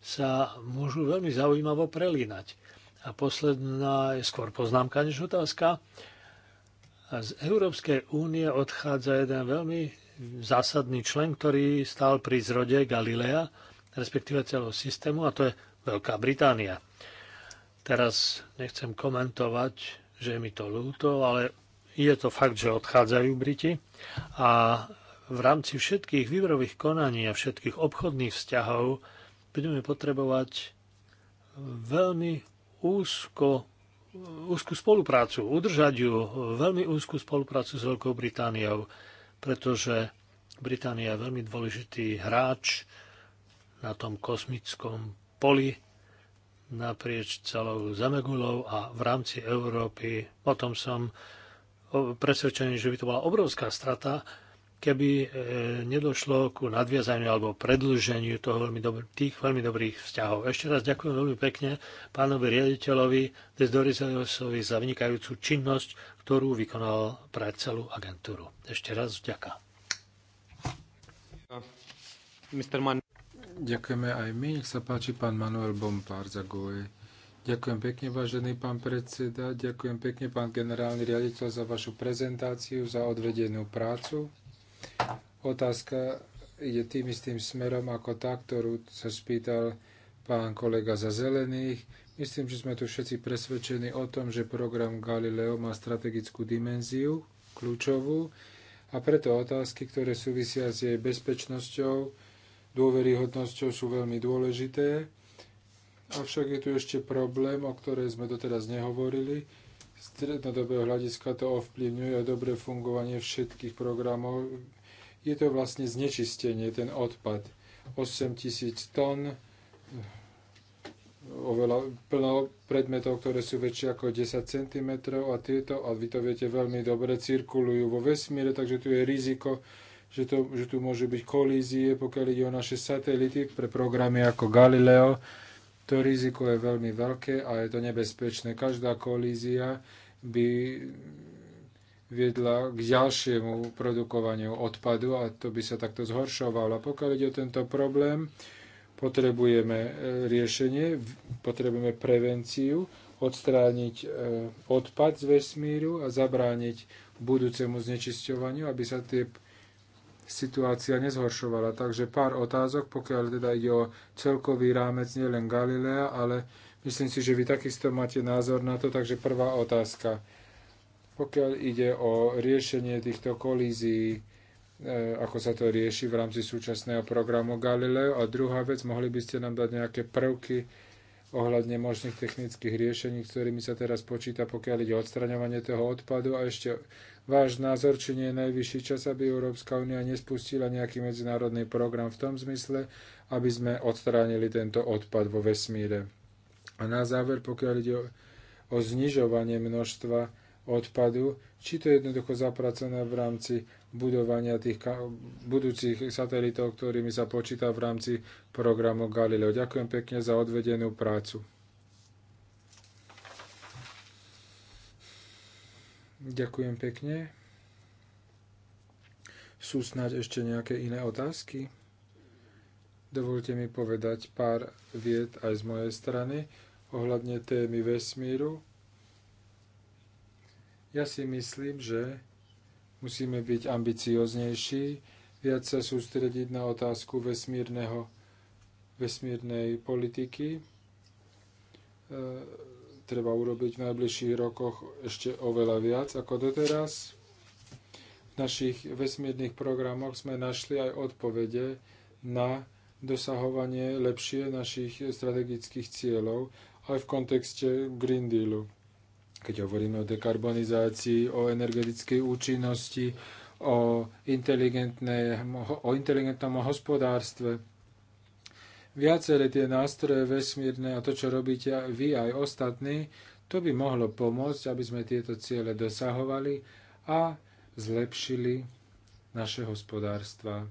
sa môžu veľmi zaujímavo prelínať. A posledná je skôr poznámka než otázka. A z Európskej únie odchádza jeden veľmi zásadný člen, ktorý stál pri zrode Galilea, respektíve celého systému, a to je Veľká Británia. Teraz nechcem komentovať, že je mi to ľúto, ale je to fakt, že odchádzajú Briti a v rámci všetkých výberových konaní a všetkých obchodných vzťahov budeme potrebovať veľmi úzko, úzku spoluprácu, udržať ju, veľmi úzku spoluprácu s Veľkou Britániou, pretože Británia je veľmi dôležitý hráč na tom kosmickom poli naprieč celou Zemegulou a v rámci Európy. Potom som presvedčený, že by to bola obrovská strata, keby e, nedošlo ku nadviazaniu alebo predlženiu toho veľmi dobr- tých veľmi dobrých vzťahov. Ešte raz ďakujem veľmi pekne pánovi riaditeľovi Desdorizovi za vynikajúcu činnosť, ktorú vykonal pre celú agentúru. Ešte raz ďaká. Ďakujeme aj my. Nech sa páči pán Manuel Bompár za Goje. Ďakujem pekne, vážený pán predseda. Ďakujem pekne, pán generálny riaditeľ, za vašu prezentáciu, za odvedenú prácu. Otázka ide tým istým smerom ako tá, ktorú sa spýtal pán kolega za zelených. Myslím, že sme tu všetci presvedčení o tom, že program Galileo má strategickú dimenziu, kľúčovú, a preto otázky, ktoré súvisia s jej bezpečnosťou, dôveryhodnosťou sú veľmi dôležité. Avšak je tu ešte problém, o ktorej sme doteraz nehovorili, strednodobého hľadiska to ovplyvňuje dobre fungovanie všetkých programov. Je to vlastne znečistenie, ten odpad. 8 tisíc tón, eh, oveľa plno predmetov, ktoré sú väčšie ako 10 cm a tieto, a vy to viete veľmi dobre, cirkulujú vo vesmíre, takže tu je riziko, že, to, že tu môžu byť kolízie, pokiaľ ide o naše satelity pre programy ako Galileo, to riziko je veľmi veľké a je to nebezpečné. Každá kolízia by viedla k ďalšiemu produkovaniu odpadu a to by sa takto zhoršovalo. Pokiaľ ide o tento problém, potrebujeme e, riešenie, potrebujeme prevenciu, odstrániť e, odpad z vesmíru a zabrániť budúcemu znečisťovaniu, aby sa tie situácia nezhoršovala. Takže pár otázok, pokiaľ teda ide o celkový rámec nielen Galilea, ale myslím si, že vy takisto máte názor na to, takže prvá otázka. Pokiaľ ide o riešenie týchto kolízií, e, ako sa to rieši v rámci súčasného programu Galileo. A druhá vec, mohli by ste nám dať nejaké prvky, ohľadne možných technických riešení, ktorými sa teraz počíta, pokiaľ ide o odstraňovanie toho odpadu. A ešte váš názor, či nie je najvyšší čas, aby Európska únia nespustila nejaký medzinárodný program v tom zmysle, aby sme odstránili tento odpad vo vesmíre. A na záver, pokiaľ ide o, o znižovanie množstva odpadu, či to je jednoducho zapracované v rámci budovania tých budúcich satelitov, ktorými sa počíta v rámci programu Galileo. Ďakujem pekne za odvedenú prácu. Ďakujem pekne. Sú snáď ešte nejaké iné otázky? Dovolte mi povedať pár vied aj z mojej strany ohľadne témy vesmíru. Ja si myslím, že Musíme byť ambicioznejší, viac sa sústrediť na otázku vesmírneho, vesmírnej politiky. E, treba urobiť v najbližších rokoch ešte oveľa viac ako doteraz. V našich vesmírnych programoch sme našli aj odpovede na dosahovanie lepšie našich strategických cieľov aj v kontexte Green Dealu keď hovoríme o dekarbonizácii, o energetickej účinnosti, o, o inteligentnom hospodárstve. Viaceré tie nástroje vesmírne a to, čo robíte vy aj ostatní, to by mohlo pomôcť, aby sme tieto ciele dosahovali a zlepšili naše hospodárstva.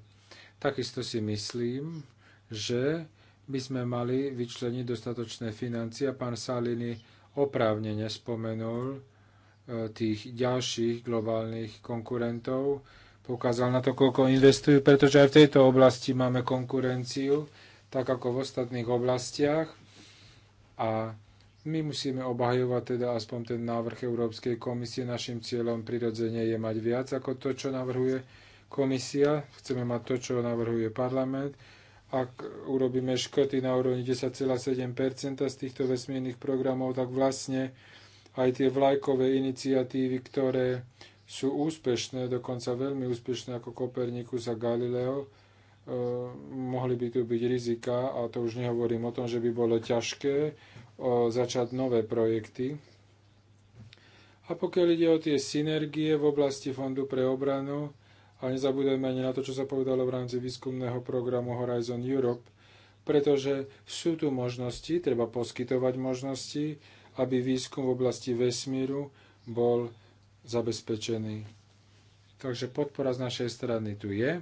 Takisto si myslím, že by sme mali vyčleniť dostatočné financie. Pán Salini oprávnene spomenul e, tých ďalších globálnych konkurentov. Pokázal na to, koľko investujú, pretože aj v tejto oblasti máme konkurenciu, tak ako v ostatných oblastiach. A my musíme obhajovať teda aspoň ten návrh Európskej komisie. Našim cieľom prirodzene je mať viac ako to, čo navrhuje komisia. Chceme mať to, čo navrhuje parlament ak urobíme škrty na úrovni 10,7 z týchto vesmírnych programov, tak vlastne aj tie vlajkové iniciatívy, ktoré sú úspešné, dokonca veľmi úspešné ako Kopernikus a Galileo, e, mohli by tu byť rizika, a to už nehovorím o tom, že by bolo ťažké e, začať nové projekty. A pokiaľ ide o tie synergie v oblasti Fondu pre obranu, a nezabúdajme ani na to, čo sa povedalo v rámci výskumného programu Horizon Europe, pretože sú tu možnosti, treba poskytovať možnosti, aby výskum v oblasti vesmíru bol zabezpečený. Takže podpora z našej strany tu je.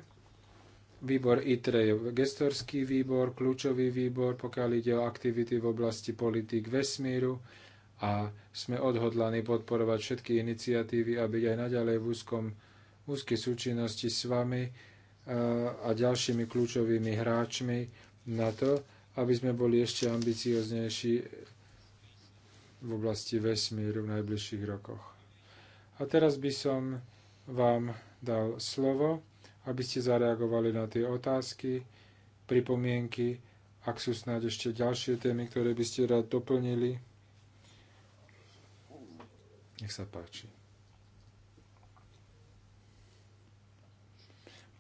Výbor ITRE je gestorský výbor, kľúčový výbor, pokiaľ ide o aktivity v oblasti politik vesmíru a sme odhodlaní podporovať všetky iniciatívy a byť aj naďalej v úzkom úzkej súčinnosti s vami e, a ďalšími kľúčovými hráčmi na to, aby sme boli ešte ambicioznejší v oblasti vesmíru v najbližších rokoch. A teraz by som vám dal slovo, aby ste zareagovali na tie otázky, pripomienky, ak sú snáď ešte ďalšie témy, ktoré by ste rád doplnili. Nech sa páči.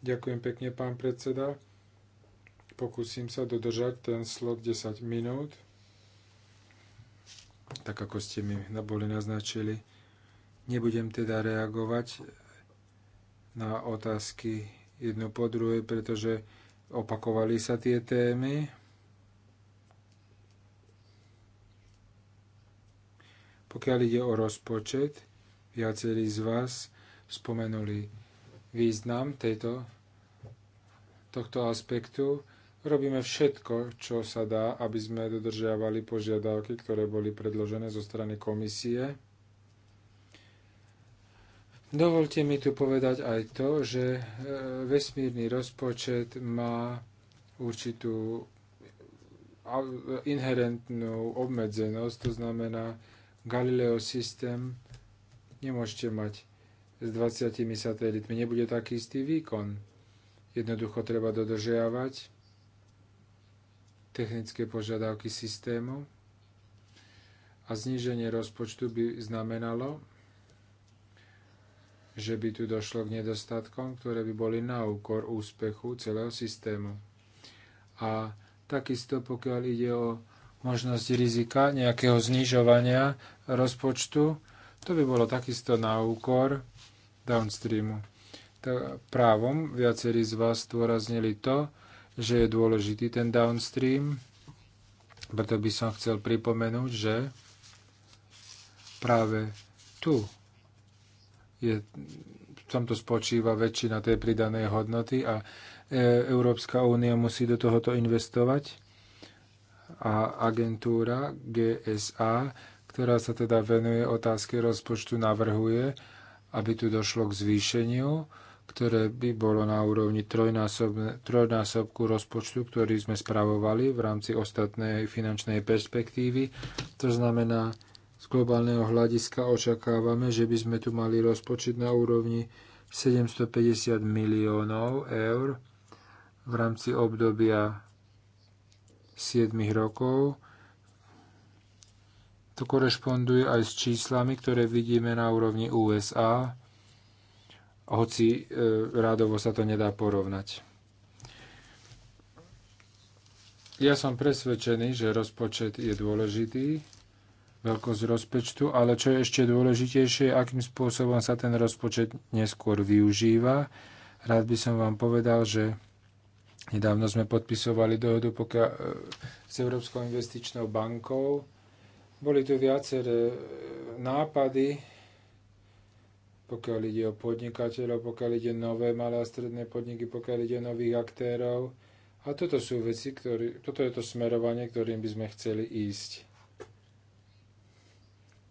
Ďakujem pekne, pán predseda. Pokúsim sa dodržať ten slot 10 minút, tak ako ste mi boli naznačili. Nebudem teda reagovať na otázky jednu po druhej, pretože opakovali sa tie témy. Pokiaľ ide o rozpočet, viacerí z vás spomenuli význam tejto, tohto aspektu. Robíme všetko, čo sa dá, aby sme dodržiavali požiadavky, ktoré boli predložené zo strany komisie. Dovolte mi tu povedať aj to, že e, vesmírny rozpočet má určitú inherentnú obmedzenosť, to znamená Galileo systém nemôžete mať s 20 satelitmi. Nebude taký istý výkon. Jednoducho treba dodržiavať technické požiadavky systému a zníženie rozpočtu by znamenalo, že by tu došlo k nedostatkom, ktoré by boli na úkor úspechu celého systému. A takisto, pokiaľ ide o možnosť rizika nejakého znižovania rozpočtu, to by bolo takisto na úkor downstreamu. Tak Právom viacerí z vás zdôraznili to, že je dôležitý ten downstream, preto by som chcel pripomenúť, že práve tu je, v tomto spočíva väčšina tej pridanej hodnoty a e, Európska únia musí do tohoto investovať a agentúra GSA, ktorá sa teda venuje otázke rozpočtu, navrhuje, aby tu došlo k zvýšeniu, ktoré by bolo na úrovni trojnásobku rozpočtu, ktorý sme spravovali v rámci ostatnej finančnej perspektívy. To znamená, z globálneho hľadiska očakávame, že by sme tu mali rozpočet na úrovni 750 miliónov eur v rámci obdobia 7 rokov to korešponduje aj s číslami, ktoré vidíme na úrovni USA, hoci e, rádovo sa to nedá porovnať. Ja som presvedčený, že rozpočet je dôležitý, veľkosť rozpočtu, ale čo je ešte dôležitejšie, akým spôsobom sa ten rozpočet neskôr využíva. Rád by som vám povedal, že nedávno sme podpisovali dohodu pokiaľ, e, s Európskou investičnou bankou boli tu viaceré e, nápady, pokiaľ ide o podnikateľov, pokiaľ ide nové malé a stredné podniky, pokiaľ ide o nových aktérov. A toto sú veci, ktorý, toto je to smerovanie, ktorým by sme chceli ísť.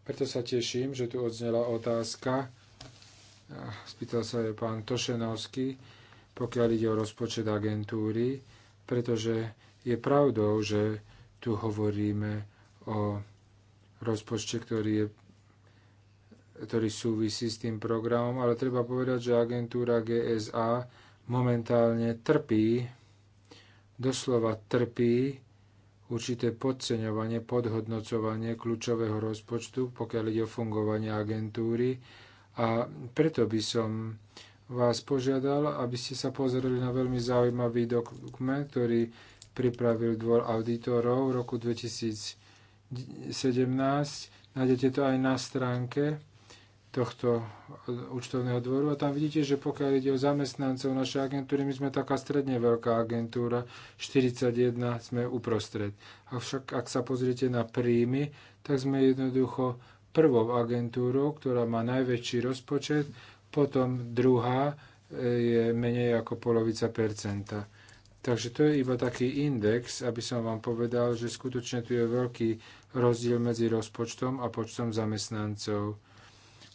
Preto sa teším, že tu odznela otázka, spýtal sa je pán Tošenovský, pokiaľ ide o rozpočet agentúry, pretože je pravdou, že tu hovoríme o rozpočte, ktorý, je, ktorý súvisí s tým programom, ale treba povedať, že agentúra GSA momentálne trpí, doslova trpí určité podceňovanie, podhodnocovanie kľúčového rozpočtu, pokiaľ ide o fungovanie agentúry. A preto by som vás požiadal, aby ste sa pozreli na veľmi zaujímavý dokument, ktorý pripravil dvor auditorov v roku 2000 17. Nájdete to aj na stránke tohto účtovného dvoru a tam vidíte, že pokiaľ ide o zamestnancov našej agentúry, my sme taká stredne veľká agentúra, 41 sme uprostred. Avšak ak sa pozriete na príjmy, tak sme jednoducho prvou agentúrou, ktorá má najväčší rozpočet, potom druhá e, je menej ako polovica percenta. Takže to je iba taký index, aby som vám povedal, že skutočne tu je veľký rozdiel medzi rozpočtom a počtom zamestnancov.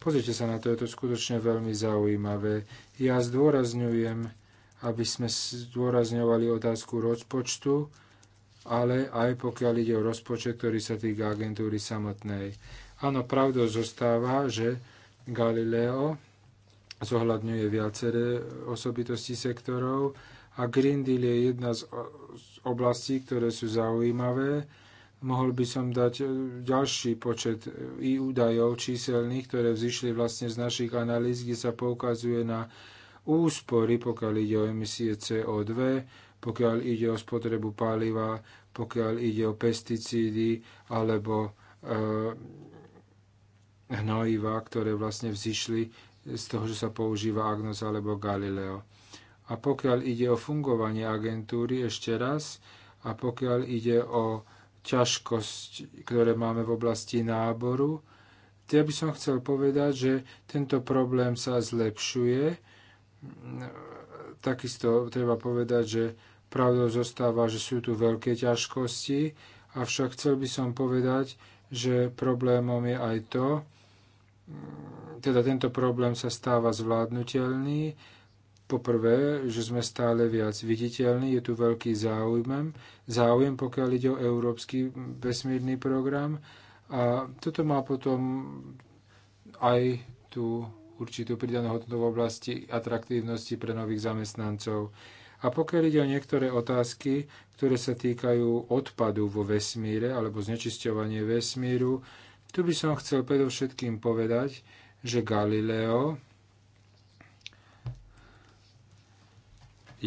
Pozrite sa na to, je to skutočne veľmi zaujímavé. Ja zdôrazňujem, aby sme zdôrazňovali otázku rozpočtu, ale aj pokiaľ ide o rozpočet, ktorý sa týka agentúry samotnej. Áno, pravdou zostáva, že Galileo zohľadňuje viaceré osobitosti sektorov, a Green Deal je jedna z oblastí, ktoré sú zaujímavé. Mohol by som dať e, ďalší počet e, i údajov číselných, ktoré vzýšli vlastne z našich analýz, kde sa poukazuje na úspory, pokiaľ ide o emisie CO2, pokiaľ ide o spotrebu paliva, pokiaľ ide o pesticídy alebo e, hnojiva, ktoré vlastne vzýšli z toho, že sa používa Agnos alebo Galileo. A pokiaľ ide o fungovanie agentúry, ešte raz, a pokiaľ ide o ťažkosť, ktoré máme v oblasti náboru, ja by som chcel povedať, že tento problém sa zlepšuje. Takisto treba povedať, že pravdou zostáva, že sú tu veľké ťažkosti, avšak chcel by som povedať, že problémom je aj to, teda tento problém sa stáva zvládnutelný, Poprvé, že sme stále viac viditeľní, je tu veľký záujem, záujem pokiaľ ide o európsky vesmírny program a toto má potom aj tú určitú pridanú hodnotu v oblasti atraktívnosti pre nových zamestnancov. A pokiaľ ide o niektoré otázky, ktoré sa týkajú odpadu vo vesmíre alebo znečisťovanie vesmíru, tu by som chcel predovšetkým povedať, že Galileo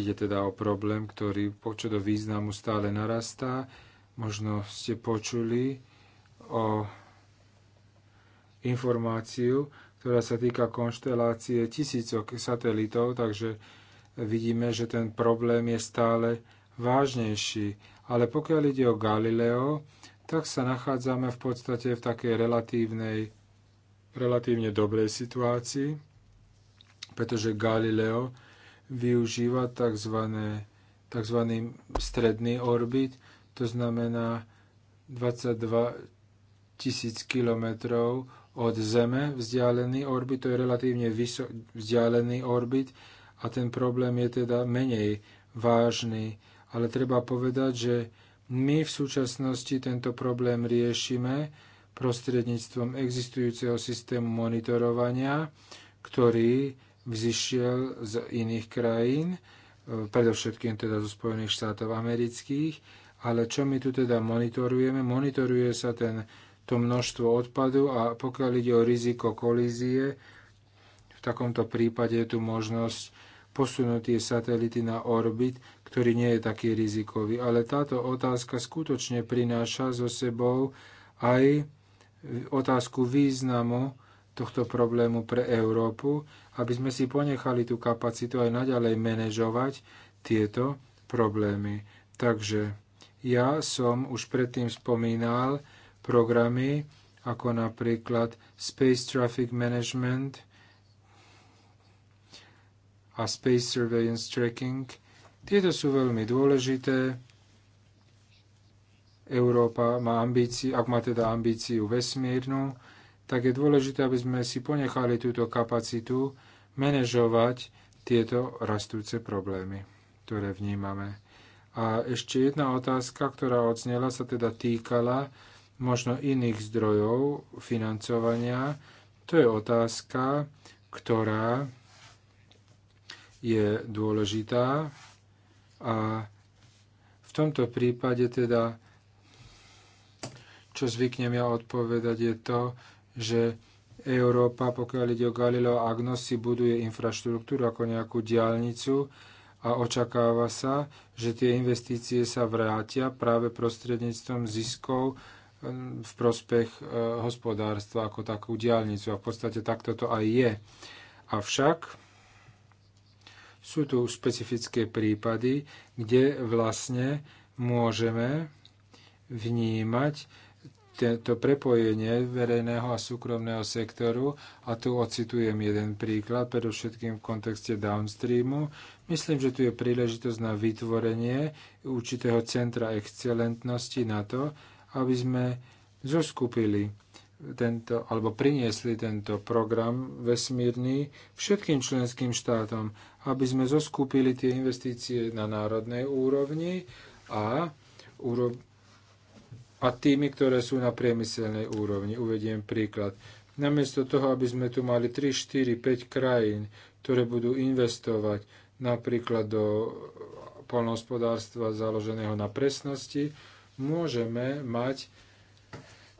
Ide teda o problém, ktorý čo do významu stále narastá. Možno ste počuli o informáciu, ktorá sa týka konštelácie tisícok satelitov, takže vidíme, že ten problém je stále vážnejší. Ale pokiaľ ide o Galileo, tak sa nachádzame v podstate v takej relatívnej, relatívne dobrej situácii, pretože Galileo využíva tzv. tzv. stredný orbit, to znamená 22 tisíc kilometrov od Zeme vzdialený orbit, to je relatívne vzdialený orbit a ten problém je teda menej vážny. Ale treba povedať, že my v súčasnosti tento problém riešime prostredníctvom existujúceho systému monitorovania, ktorý vzýšiel z iných krajín, e, predovšetkým teda zo Spojených štátov amerických, ale čo my tu teda monitorujeme? Monitoruje sa ten, to množstvo odpadu a pokiaľ ide o riziko kolízie, v takomto prípade je tu možnosť posunúť tie satelity na orbit, ktorý nie je taký rizikový. Ale táto otázka skutočne prináša so sebou aj otázku významu tohto problému pre Európu, aby sme si ponechali tú kapacitu aj naďalej manažovať tieto problémy. Takže ja som už predtým spomínal programy ako napríklad Space Traffic Management a Space Surveillance Tracking. Tieto sú veľmi dôležité. Európa má ambíciu, ak má teda ambíciu vesmírnu, tak je dôležité, aby sme si ponechali túto kapacitu manažovať tieto rastúce problémy, ktoré vnímame. A ešte jedna otázka, ktorá odznela, sa teda týkala možno iných zdrojov financovania. To je otázka, ktorá je dôležitá a v tomto prípade teda, čo zvyknem ja odpovedať, je to, že Európa, pokiaľ ide o Galileo Agnos, si buduje infraštruktúru ako nejakú diálnicu a očakáva sa, že tie investície sa vrátia práve prostredníctvom ziskov v prospech e, hospodárstva ako takú diálnicu. A v podstate takto to aj je. Avšak sú tu špecifické prípady, kde vlastne môžeme vnímať, to prepojenie verejného a súkromného sektoru, a tu ocitujem jeden príklad, predovšetkým v kontexte downstreamu, myslím, že tu je príležitosť na vytvorenie určitého centra excelentnosti na to, aby sme zoskupili tento, alebo priniesli tento program vesmírny všetkým členským štátom, aby sme zoskúpili tie investície na národnej úrovni a a tými, ktoré sú na priemyselnej úrovni. Uvediem príklad. Namiesto toho, aby sme tu mali 3, 4, 5 krajín, ktoré budú investovať napríklad do polnohospodárstva založeného na presnosti, môžeme mať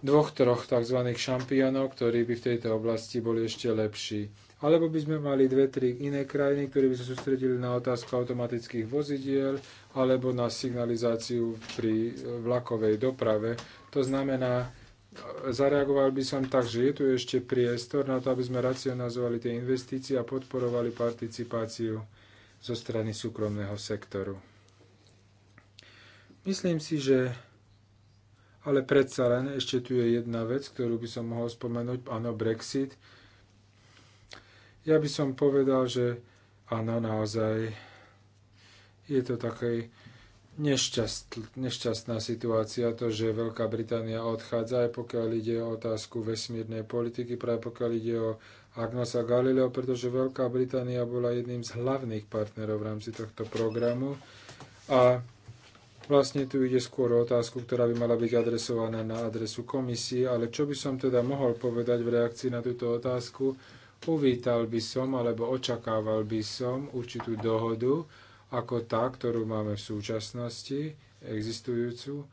dvoch, troch tzv. šampiónov, ktorí by v tejto oblasti boli ešte lepší. Alebo by sme mali dve, tri iné krajiny, ktoré by sa sústredili na otázku automatických vozidiel, alebo na signalizáciu pri vlakovej doprave. To znamená, zareagoval by som tak, že je tu ešte priestor na to, aby sme racionalizovali tie investície a podporovali participáciu zo strany súkromného sektoru. Myslím si, že ale predsa len ešte tu je jedna vec, ktorú by som mohol spomenúť, áno, Brexit. Ja by som povedal, že áno, naozaj je to také nešťast, nešťastná situácia, to, že Veľká Británia odchádza, aj pokiaľ ide o otázku vesmírnej politiky, práve pokiaľ ide o Agnosa Galileo, pretože Veľká Británia bola jedným z hlavných partnerov v rámci tohto programu a vlastne tu ide skôr o otázku, ktorá by mala byť adresovaná na adresu komisie, ale čo by som teda mohol povedať v reakcii na túto otázku, uvítal by som alebo očakával by som určitú dohodu, ako tá, ktorú máme v súčasnosti, existujúcu,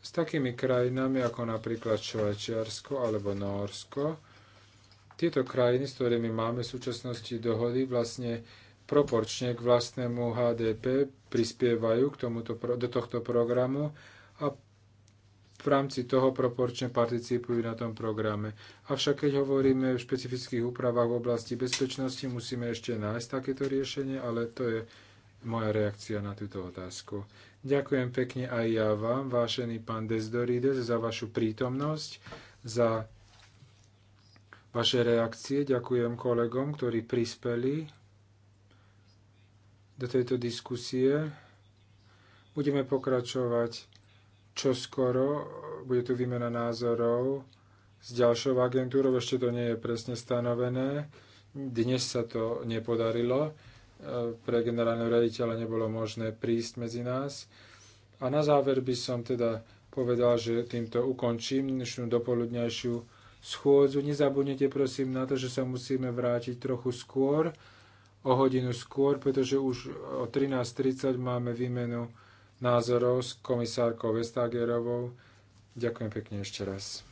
s takými krajinami ako napríklad Švajčiarsko alebo Norsko. Tieto krajiny, s ktorými máme v súčasnosti dohody, vlastne proporčne k vlastnému HDP prispievajú k tomuto, do tohto programu a v rámci toho proporčne participujú na tom programe. Avšak keď hovoríme o špecifických úpravách v oblasti bezpečnosti, musíme ešte nájsť takéto riešenie, ale to je moja reakcia na túto otázku. Ďakujem pekne aj ja vám, vážený pán Desdorides, za vašu prítomnosť, za vaše reakcie. Ďakujem kolegom, ktorí prispeli do tejto diskusie. Budeme pokračovať čoskoro. Bude tu výmena názorov s ďalšou agentúrou. Ešte to nie je presne stanovené. Dnes sa to nepodarilo pre generálneho raditeľa nebolo možné prísť medzi nás. A na záver by som teda povedal, že týmto ukončím dnešnú dopoludňajšiu schôdzu. Nezabudnite prosím na to, že sa musíme vrátiť trochu skôr, o hodinu skôr, pretože už o 13.30 máme výmenu názorov s komisárkou Vestagerovou. Ďakujem pekne ešte raz.